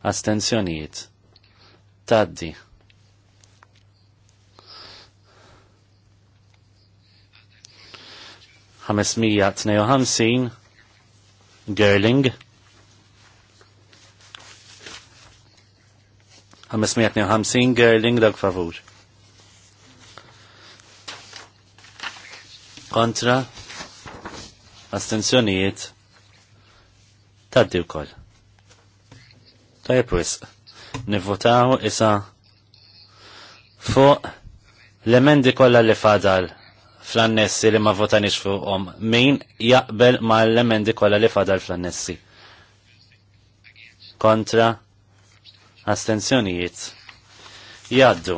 Astenzjonijiet. Taddi. Ħamesmija tnejn Gerling. 552 Gerling dak favur. Kontra astenzjonijiet taddi wkoll. Tajb wis. Nivvotaw isa fuq l-emendi kollha li fadal fl-annessi li ma votanix fuqhom. Min jaqbel ma l-emendi kollha li fadal fl-annessi. Kontra astenzjonijiet. Jaddu.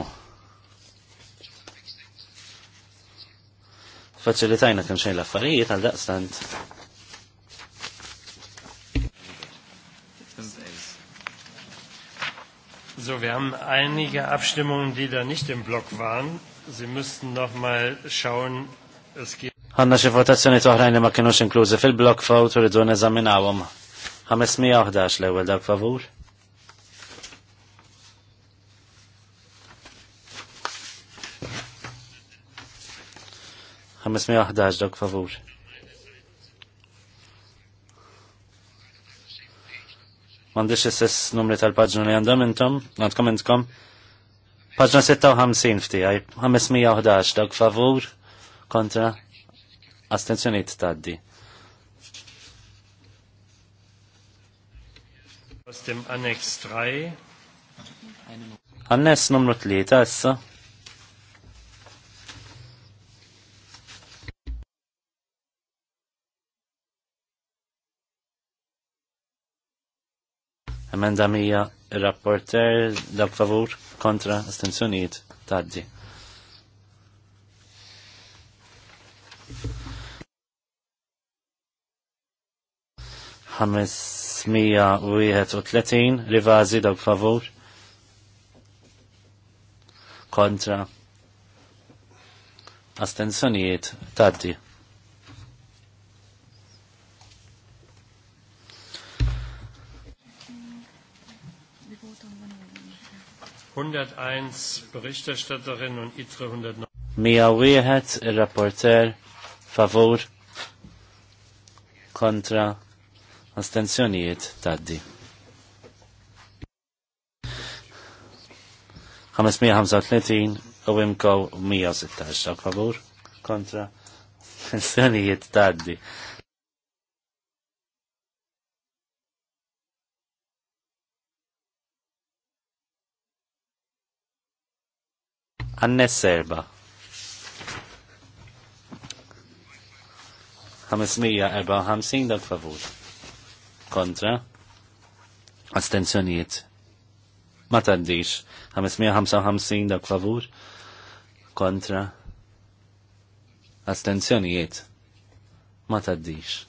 Faċilitajna kemm xejn l-affarijiet għal daqstant. So, wir haben einige Abstimmungen, die da nicht im Block waren. Sie müssten noch mal schauen, es geht... Għanna xie votazzjoni toħrajn ma kienux inkluzi fil-blok vote u rridu neżaminawhom. 511 l-ewwel dak favur. ħames dak favur. mandiċ s-sess numri tal-pagġna li għandhom intom, għandkom intkom. Pagġna 56 fti, għaj 511, dawk favur, kontra, astenzjoniet taddi. Aus dem Annex 3. Annex numru 3, essa. Emenda mija il-rapporter dak favur kontra astenzjonijiet taddi. ħames tletin, rivazi dawk favur kontra astenzjonijiet taddi. 101 Berichterstatterin und ITRE 109. Mija wieħed il-rapporter favur kontra astenzjonijiet taddi. 535 u imkaw 116 favor kontra astensioniet taddi. Annes serba. 554 dal favur. Kontra. Astenzjoniet. Ma taddix. 555 dal favur. Kontra. Astenzjonijiet. Ma taddix.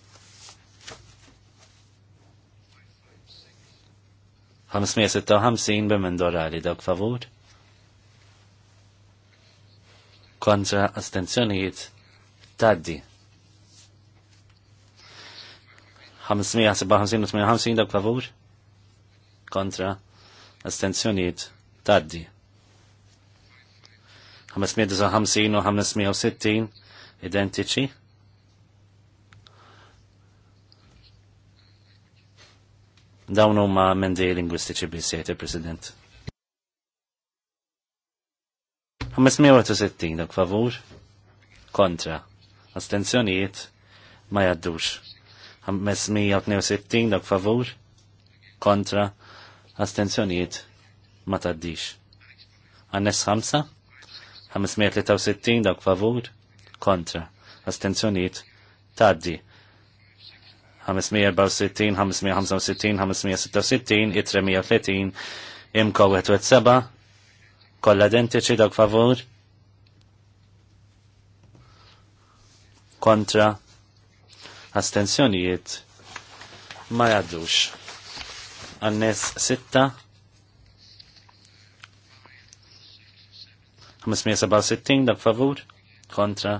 556 b'emendorali dak favur kontra astenzjonijiet taddi. 557 dak favur kontra astenzjonijiet taddi. 559 u 560 identiċi. Dawn huma mendi lingwistiċi bisejt, il-President. 560 dak favur kontra astenzjonijiet ma jaddux. 562 dak favur kontra astenzjonijiet ma taddix. Annes 5 563 dak favur kontra astenzjonijiet taddi. 564, 565, 566, it-330, imko Kolla identiċi ċidok favur kontra astensjonijiet ma jaddux. Annes sitta 567 dak favur kontra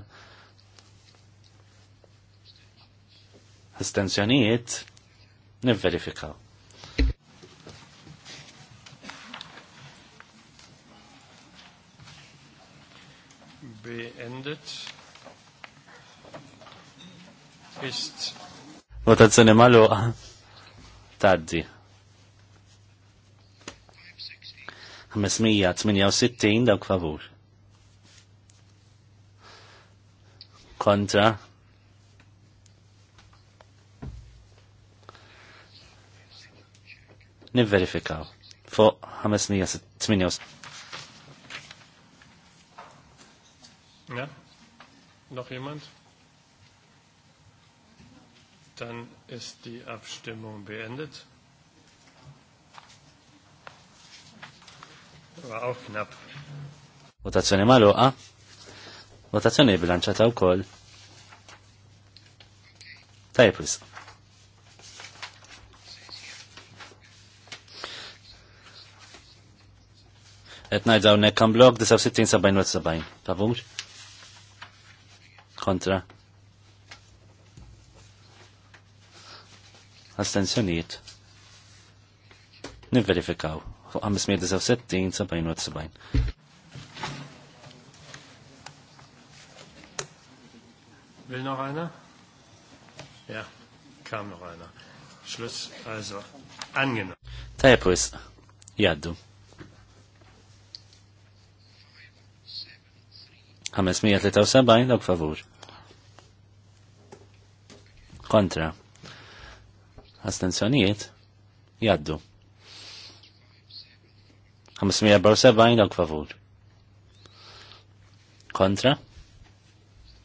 astensjonijiet nivverifikaw. be ended. Ist. Votazzjoni maluqa. Taddi. 568 dawk favur. Kontra. Nivverifikaw. Fuq 568. Ja? Noch jemand? Dann ist die Abstimmung beendet. War auch knapp. Votazione maluqa. Votazzjoni bilanċata wkoll. Tajb wisq. Et najdaw nek blog 69-70-70. Tavux? kontra astensjoniet nivverifikaw fuq 569-77. Will noch einer? Ja, kam noch einer. Schluss, also, angenommen. Tajab wis, jaddu. 573, dawk favur kontra astenzjonijiet jaddu 547 dawk favur kontra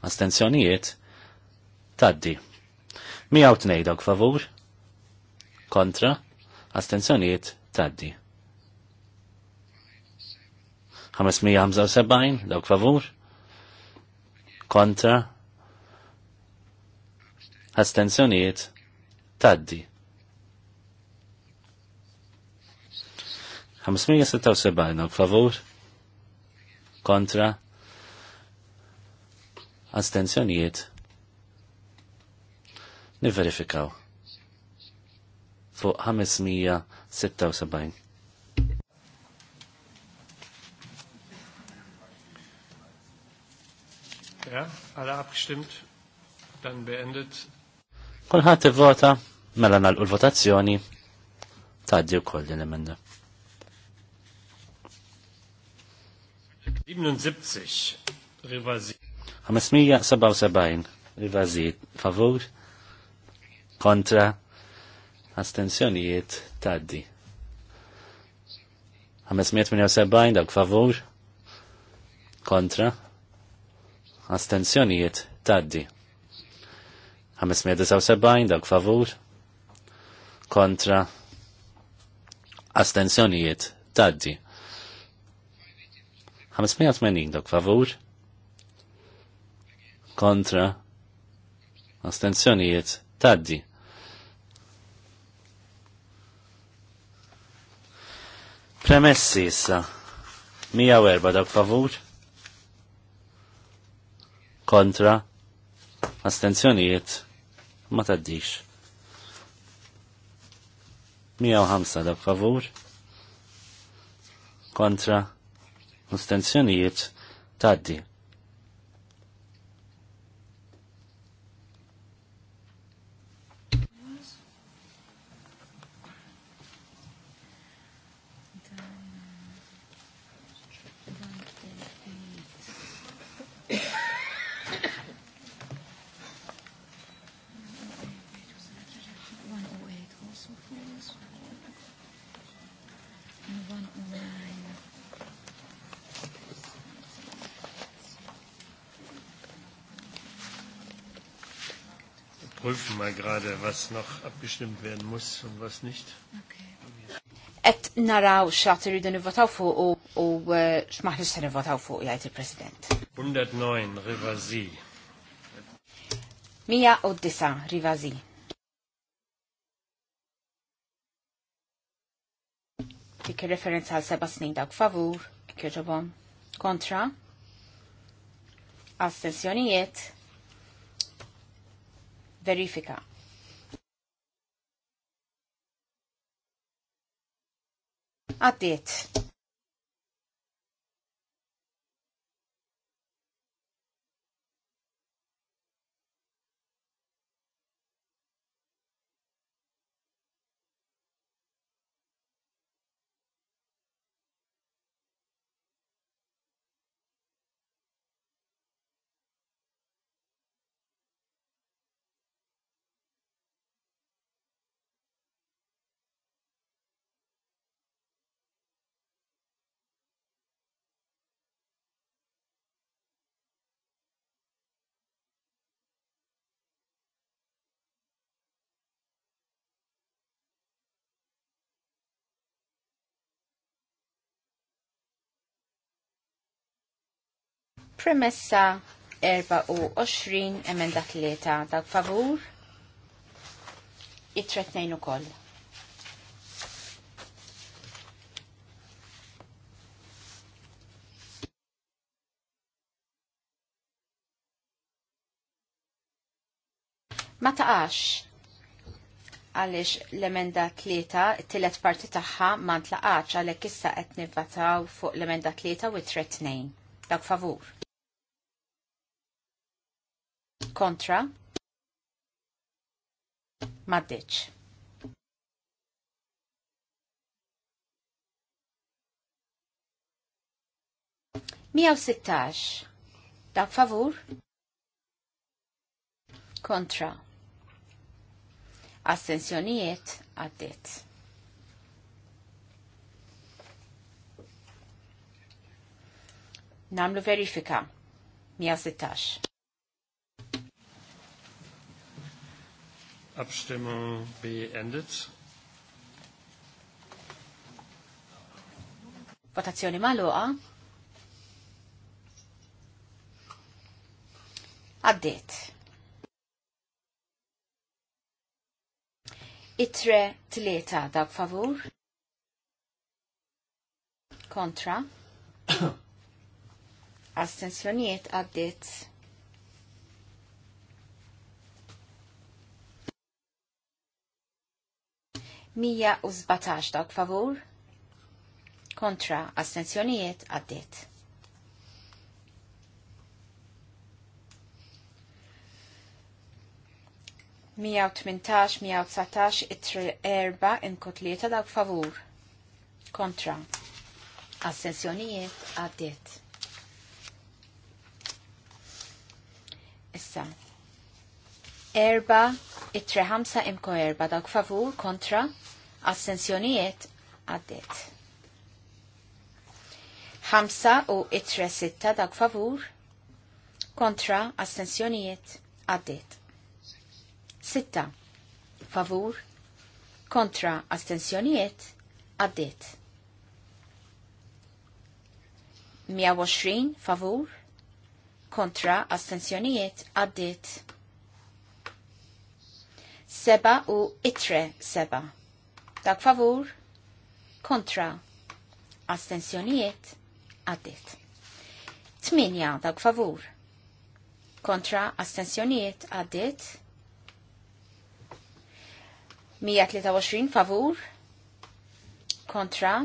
astenzjonijiet taddi 102 dawk favur kontra astenzjonijiet taddi 575 dawk favur kontra għastenzjoniet taddi. 576 favur kontra astenzjonijiet niverifikaw fuq 576. Ja, alle abgestimmt, dann beendet Kulħadd vota mela nagħlqu l-votazzjoni tgħaddi wkoll din emenda. zibtsix, rivazi. 577 rivazi favur kontra astensjonijiet tgħaddi. 578 dawk favur kontra astensjonijiet tgħaddi. 579 dak favur kontra astensjonijiet taddi. 580 dak favur kontra astensjonijiet taddi. Premessi issa. 104 dak favur. Kontra. Astenzjonijiet ma taddix. 105 da favur kontra astenzjonijiet taddi. gerade, was noch abgestimmt werden muss und was nicht. Et naraw xaħt irridu nivvotaw fuq u eh, xmaħ nista nivvotaw fuq jgħajt il-President. 109 Rivazi. 109 Rivazi. Dik referenza għal seba snin dawk favur, kjoġobom, kontra, astensjonijiet, verifika. Għaddiet. Premessa 24 emenda tlieta. dak favur. It-tretnejn ukoll. Ma taqax għalix l-emenda tlieta, t-tillet parti taħħa ma tlaqax għalek issa qed nivvataw fuq l-emenda tlieta u t tretnejn Dak favur kontra Maddeċ. Mija sittax. Da' favur? Kontra. Assenzjonijiet għaddit. Namlu verifika. sittax. Abstimmung beendet. Votazzjoni maluqa. Għaddiet. Itre tleta dak favur. Kontra. Astensjonijiet għaddiet. 117 dak favur kontra astenzjonijiet għaddiet. Mija u tmintax, mija u tsatax, itri erba inkotlieta dak favur. Kontra. Assenzjonijiet għaddiet. Issa. Erba, itri ħamsa imko erba dak favur kontra Assenzjonijiet għaddit. Hamsa u itre sitta dak favur kontra assenzjonijiet għaddit. Sitta favur kontra astensjonijiet għaddit. 120 favur kontra astensjonijiet għaddit. Seba u itre seba Dak favur kontra astensjonijiet għaddit. Tminja dak favur kontra astensjonijiet għaddit. 123 favur kontra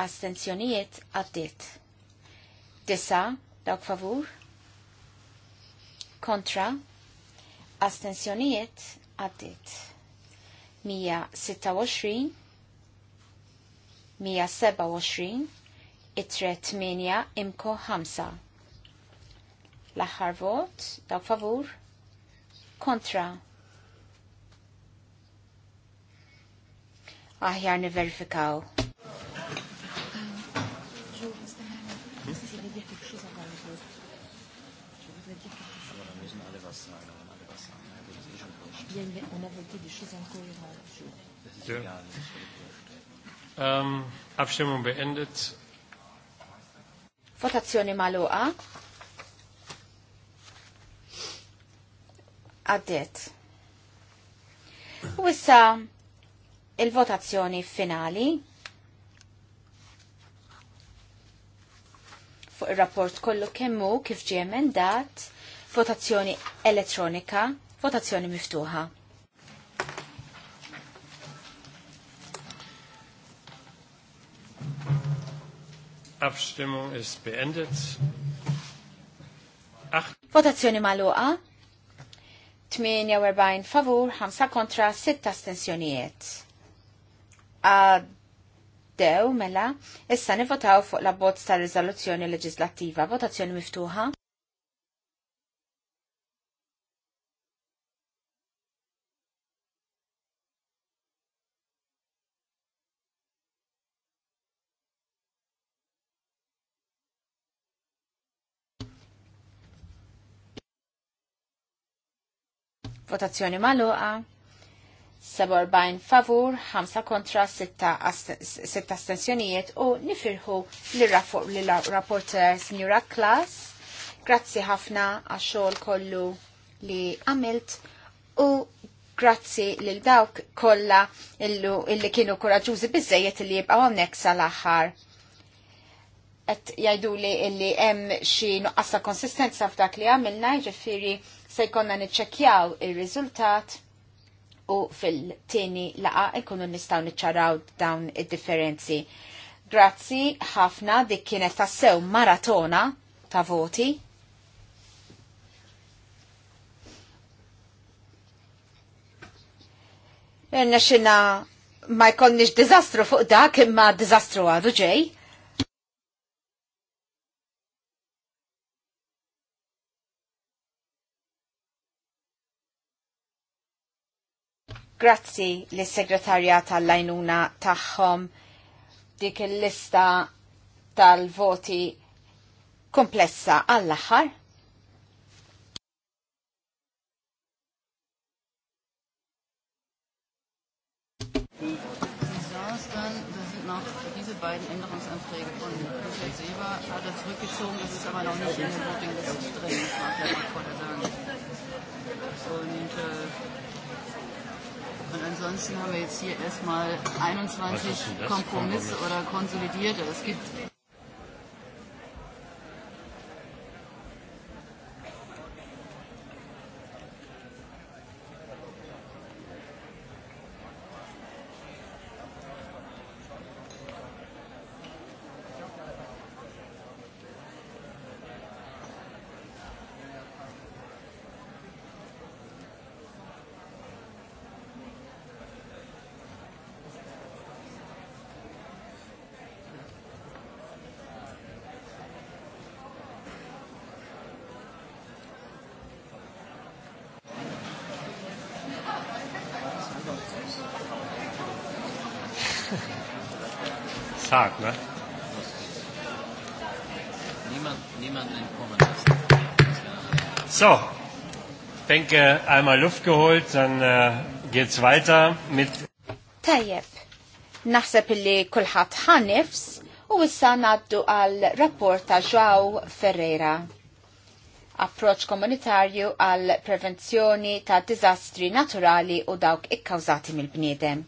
astensjonijiet għaddit. Disa, dawk favur. Kontra, astensjonijiet għaddit. 126, 127, itre 8, imko 5. L-aħħar vot, dawk favur, kontra. Aħjar niverifikaw. il y a une, on a voté Um, Abstimmung beendet. Votazzjoni maluqa. Għaddiet. U issa il-votazzjoni finali fuq il-rapport kollu kemmu kif ġie emendat votazzjoni elettronika Votazzjoni miftuħa. Abstimmung ist beendet. Votazzjoni maluqa. 48 favur, 5 kontra, 6 astensjonijiet. Għaddew mela, issa nivotaw fuq la bozz tal riżoluzzjoni leġislattiva. Votazzjoni miftuħa. Votazzjoni maluqa. 47 favur, 5 kontra, 6 astensjonijiet u nifirħu l rapport Signora Klas. Grazzi ħafna għaxol kollu li għamilt u grazzi lil dawk kolla illi kienu koraġużi bizzejiet li jibqaw għamnek sal-axar għet jajdu li illi hemm xi nuqqasa konsistenza f'dak li għamilna, ġifiri se jkonna niċċekjaw ir-riżultat u fil-tieni laqa jkunu nistgħu niċċaraw dawn id-differenzi. Grazzi ħafna dik kienet tassew maratona ta' voti. Nna xina ma jkollniex dizastru fuq dak imma dizastru għadu ġej. Grazzi li segretarja tal-lajnuna taħħom dik il-lista tal-voti komplessa għall-aħħar. Er Und äh, Und ansonsten haben wir jetzt hier erstmal 21 Kompromisse oder konsolidierte. Es gibt Tag, So, ich denke, einmal Luft geholt, dann äh, geht's weiter mit. Tajjeb, naħseb illi kulħadd ħanifs u issa ngħaddu għal rapport ta' Joao Ferreira. Approċ komunitarju għal prevenzjoni ta' diżastri naturali u dawk ikkawżati mill-bniedem.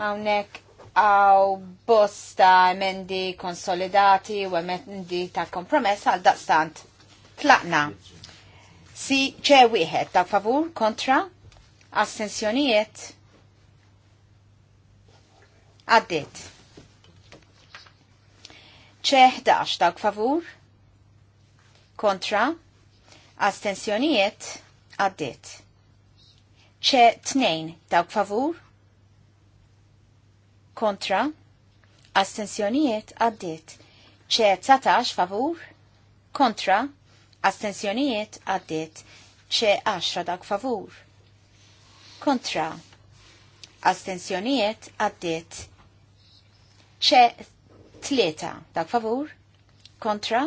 Hawnhekk għaw bosta emendi konsolidati u emendi ta' kompromess għal daqstant. Tlaqna. Si ċe wieħed ta' favur kontra assenzjonijiet. Għaddit. ċe 11 ta' favur kontra astensjonijiet għaddit. ċe 2 ta' favur kontra, astensjonijiet għaddit. ċe 19 favur, kontra, astensjonijiet għaddit. ċe 10 dak favur, kontra, astensjonijiet għaddit. ċe 3 dak favur, kontra,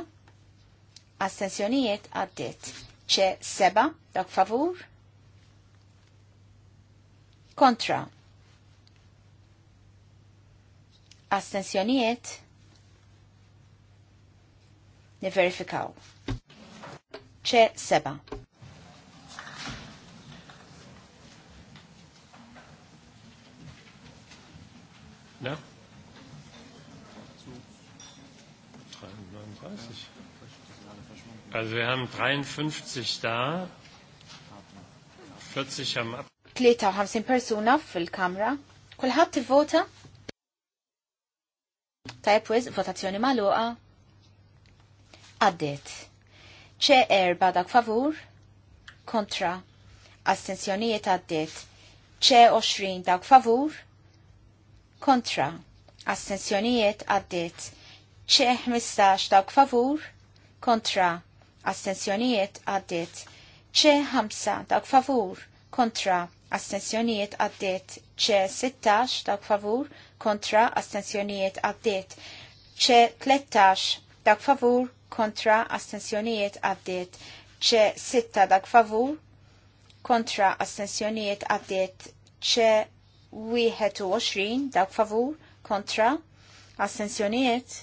astensjonijiet għaddit. ċe 7 dak favur, kontra, Astensjonijiet? Niverifikaw. ċe seba. Na? Also wir haben 53 da, 40 haben ab. Kleta haben sie 53 persuna fil-kamra. Kulħadd ivvota? Tajb wiz, votazzjoni maluqa. Għaddit. ċe erba dak favur, kontra. Astenzjonijiet għaddit. ċe 20 dak favur, kontra. Astenzjonijiet għaddit. ċe 15 dak favur, kontra. Astenzjonijiet għaddit. ċe 5 dak favur, kontra. Astenzjonijiet għaddit. ċe 16 dak favur, kontra kontra astensjonijiet għaddiet. ċe 13 dak favur kontra astensjonijiet għaddiet. ċe 6 dak favur kontra astensjonijiet għaddiet. ċe 21 dak favur kontra astensjonijiet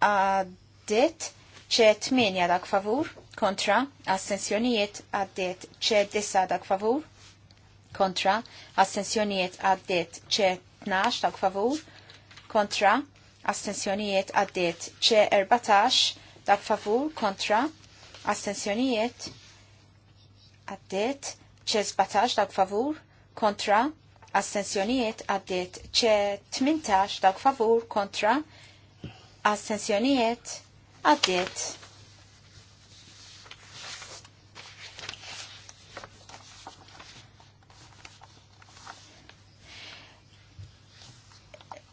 għaddiet. ċe 8 dak favur kontra, astensjonijiet għaddiet ċe disa dak favur, kontra, astensjonijiet għaddiet ċe 12 dawk favur kontra astensjonijiet għaddiet c 14 dawk favur kontra astensjonijiet għaddiet c 17 dawk favur kontra astensjonijiet għaddiet c 18 dawk favur kontra astensjonijiet għaddiet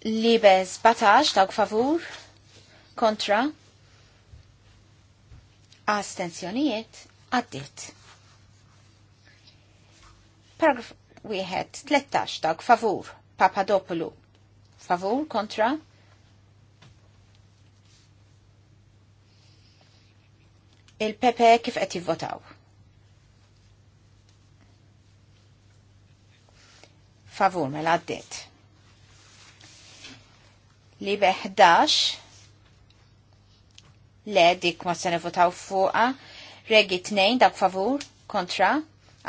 Libe 17 dawk favur kontra astenzjonijiet għaddit. Paragraf 1 13 dawk favur Papadopoulou favur kontra il-Pepe kif qed jivvotaw. Favur mela għaddiet li b-11 le dik ma se votaw fuqa regi 2 dak favur kontra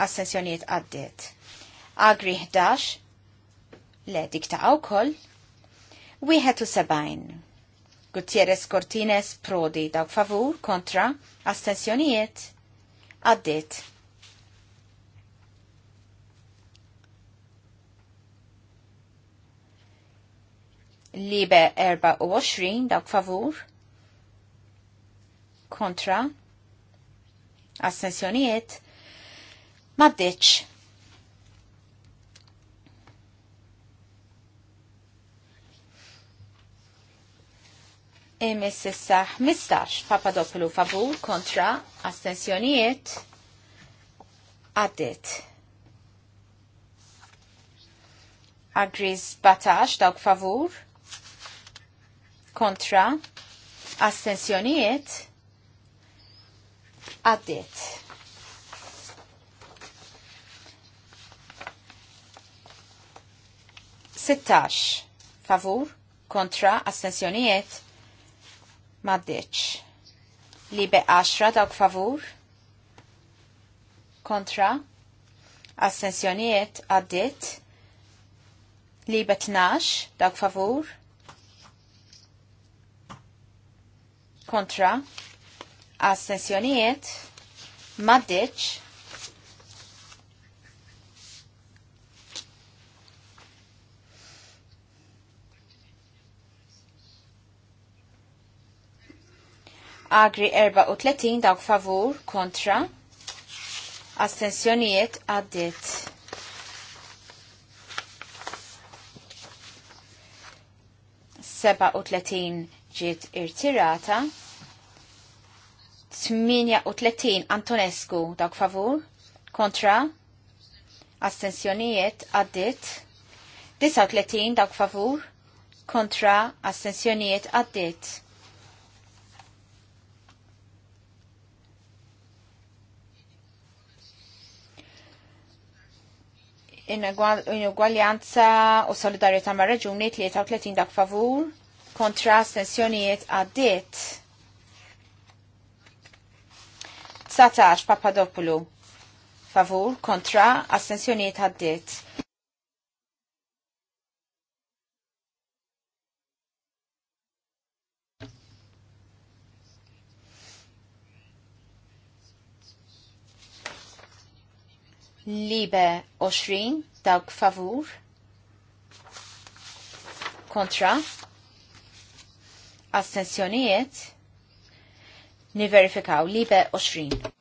assenzjoniet għaddit. Agri 11 le dik ta' awkoll 71 Gutierrez Cortines Prodi dak favur kontra assenzjoniet għaddit. libe 24 dawk favur kontra assenzjonijiet maddiċ. Imis issa 15 Papadopoulou favur kontra astensjonijiet għaddit. Agris batax dawk favur kontra astensjonijiet għaddit. Sittax favur kontra astensjonijiet maddeċ. Libe 10 dawk favur kontra astensjonijiet għaddit. Libe 12 dawk favur kontra astensjonijiet maddiċ Agri 34 dawk favur kontra astensjonijiet għaddit. Seba' u tletin ġiet irtirata. 38 Antonescu dawk favur kontra astensjonijiet għaddit 39 dawk favur kontra astensjonijiet għaddit. Inugwaljanza u solidarieta ma' raġuni 33 dak favur kontra astensjonijiet għaddit. 19 Papadopoulou. Favur, kontra, astensjoniet għaddit. Libe 20, dawk favur. Kontra. Astensjoniet niverifikaw libe 20.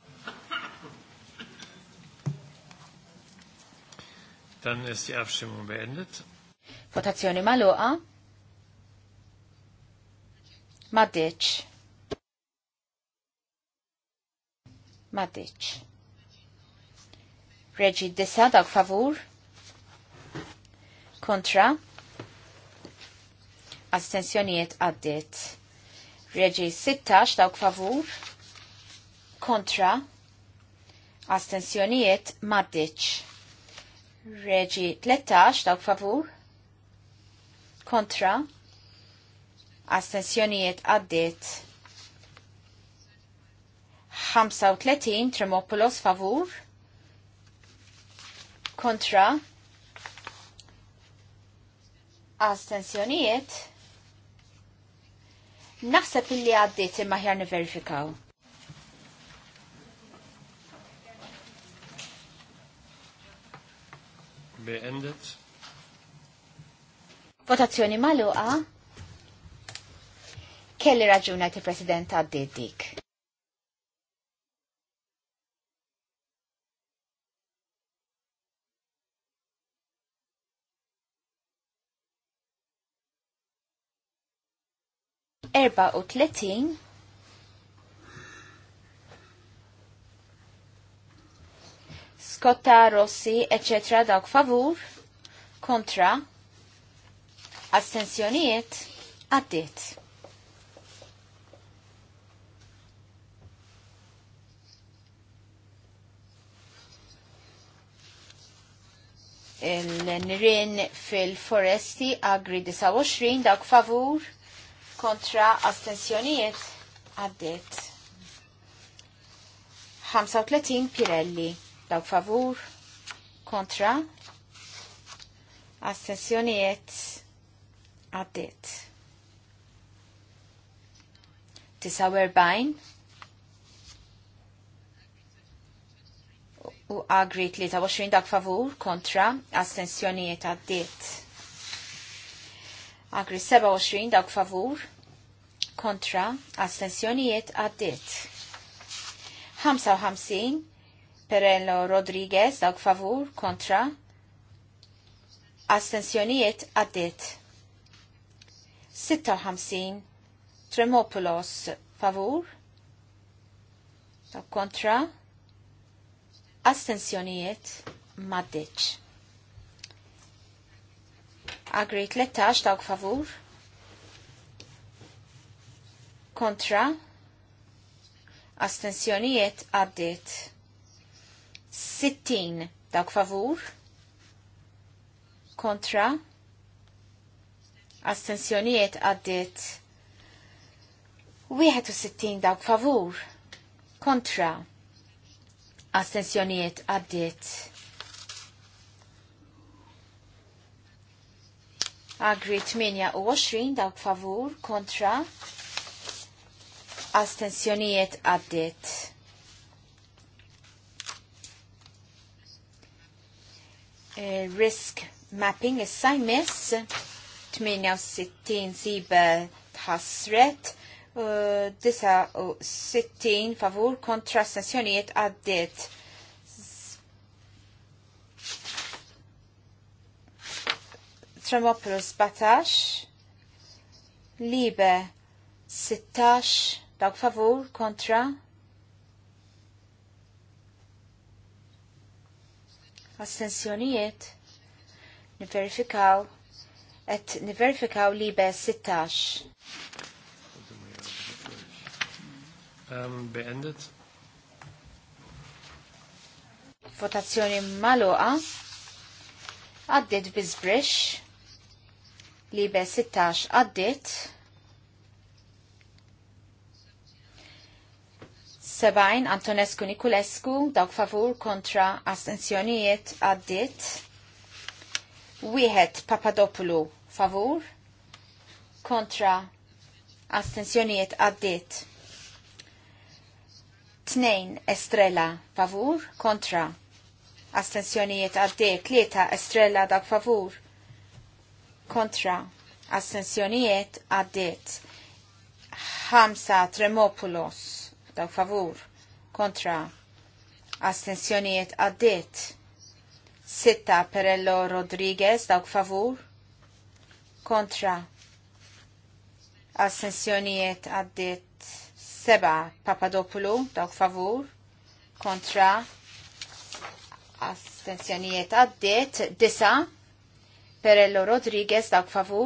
Dan ist die Abstimmung beendet. Votazzjoni maluqa. Maddiċ. Maddiċ. Reġi disa dak favur. Kontra. Astensjoniet għaddit. Reġi 16 dawk favur kontra astensjonijiet maddiċ. Reġi 13 dawk favur kontra astensjonijiet għaddit. 35 Tremopolos favur kontra astensjonijiet Naħseb illi għaddiet imma ħjar niverifikaw. Beendet. Votazzjoni maluqa. Kelli raġuna ti president għaddiet dik. 34 Skotta, Rossi, etc. dawk favur, kontra, astensjonijiet, għaddit. il-nirin fil-foresti agri 29 dak favur, kontra astensjonijiet għaddit. 35 Pirelli dawk favur kontra astensjonijiet għaddit. 49 u agri 23 dak favur kontra astensjonijiet għaddit. Agri 27 dawk favur kontra astensjonijiet għaddit. 55 Perello Rodriguez dawk favur kontra astensjonijiet għaddit. 56 Tremopoulos favur dawk kontra astensjonijiet maddiċ. Agri 13 dawk favur. Kontra. Astensjonijiet għaddit. 60 dawk favur. Kontra. Astensjonijiet għaddit. 61 dawk favur. Kontra. Astensjonijiet għaddit. Agri 28 dawk favur kontra astensjonijiet għaddit. Eh, risk mapping issa jmiss 68 siba tħassret 69 favur kontra astensjonijiet għaddit. Tremopoulos 17, Libe 16, dawk favur kontra astensjonijiet niverifikaw et niverifikaw Libe 16. Um, ähm, beendet. Votazzjoni maluqa għaddit bizbrix li be 16 għaddit 70 Antonescu Niculescu dawk favur kontra astensjonijiet għaddit wieħed Papadopoulou favur kontra astensjonijiet għaddit tnejn Estrella favur kontra astensjonijiet għaddit tlieta Estrella dak favur kontra assenzjonijiet għaddit. Hamsa Tremopulos dawk favur kontra astensjonijiet għaddit. sitta Perello Rodriguez dawk favur kontra astensjonijiet għaddit. Seba Papadopoulou dawk favur kontra astensjonijiet għaddit. Disa. Perello Rodriguez dak favur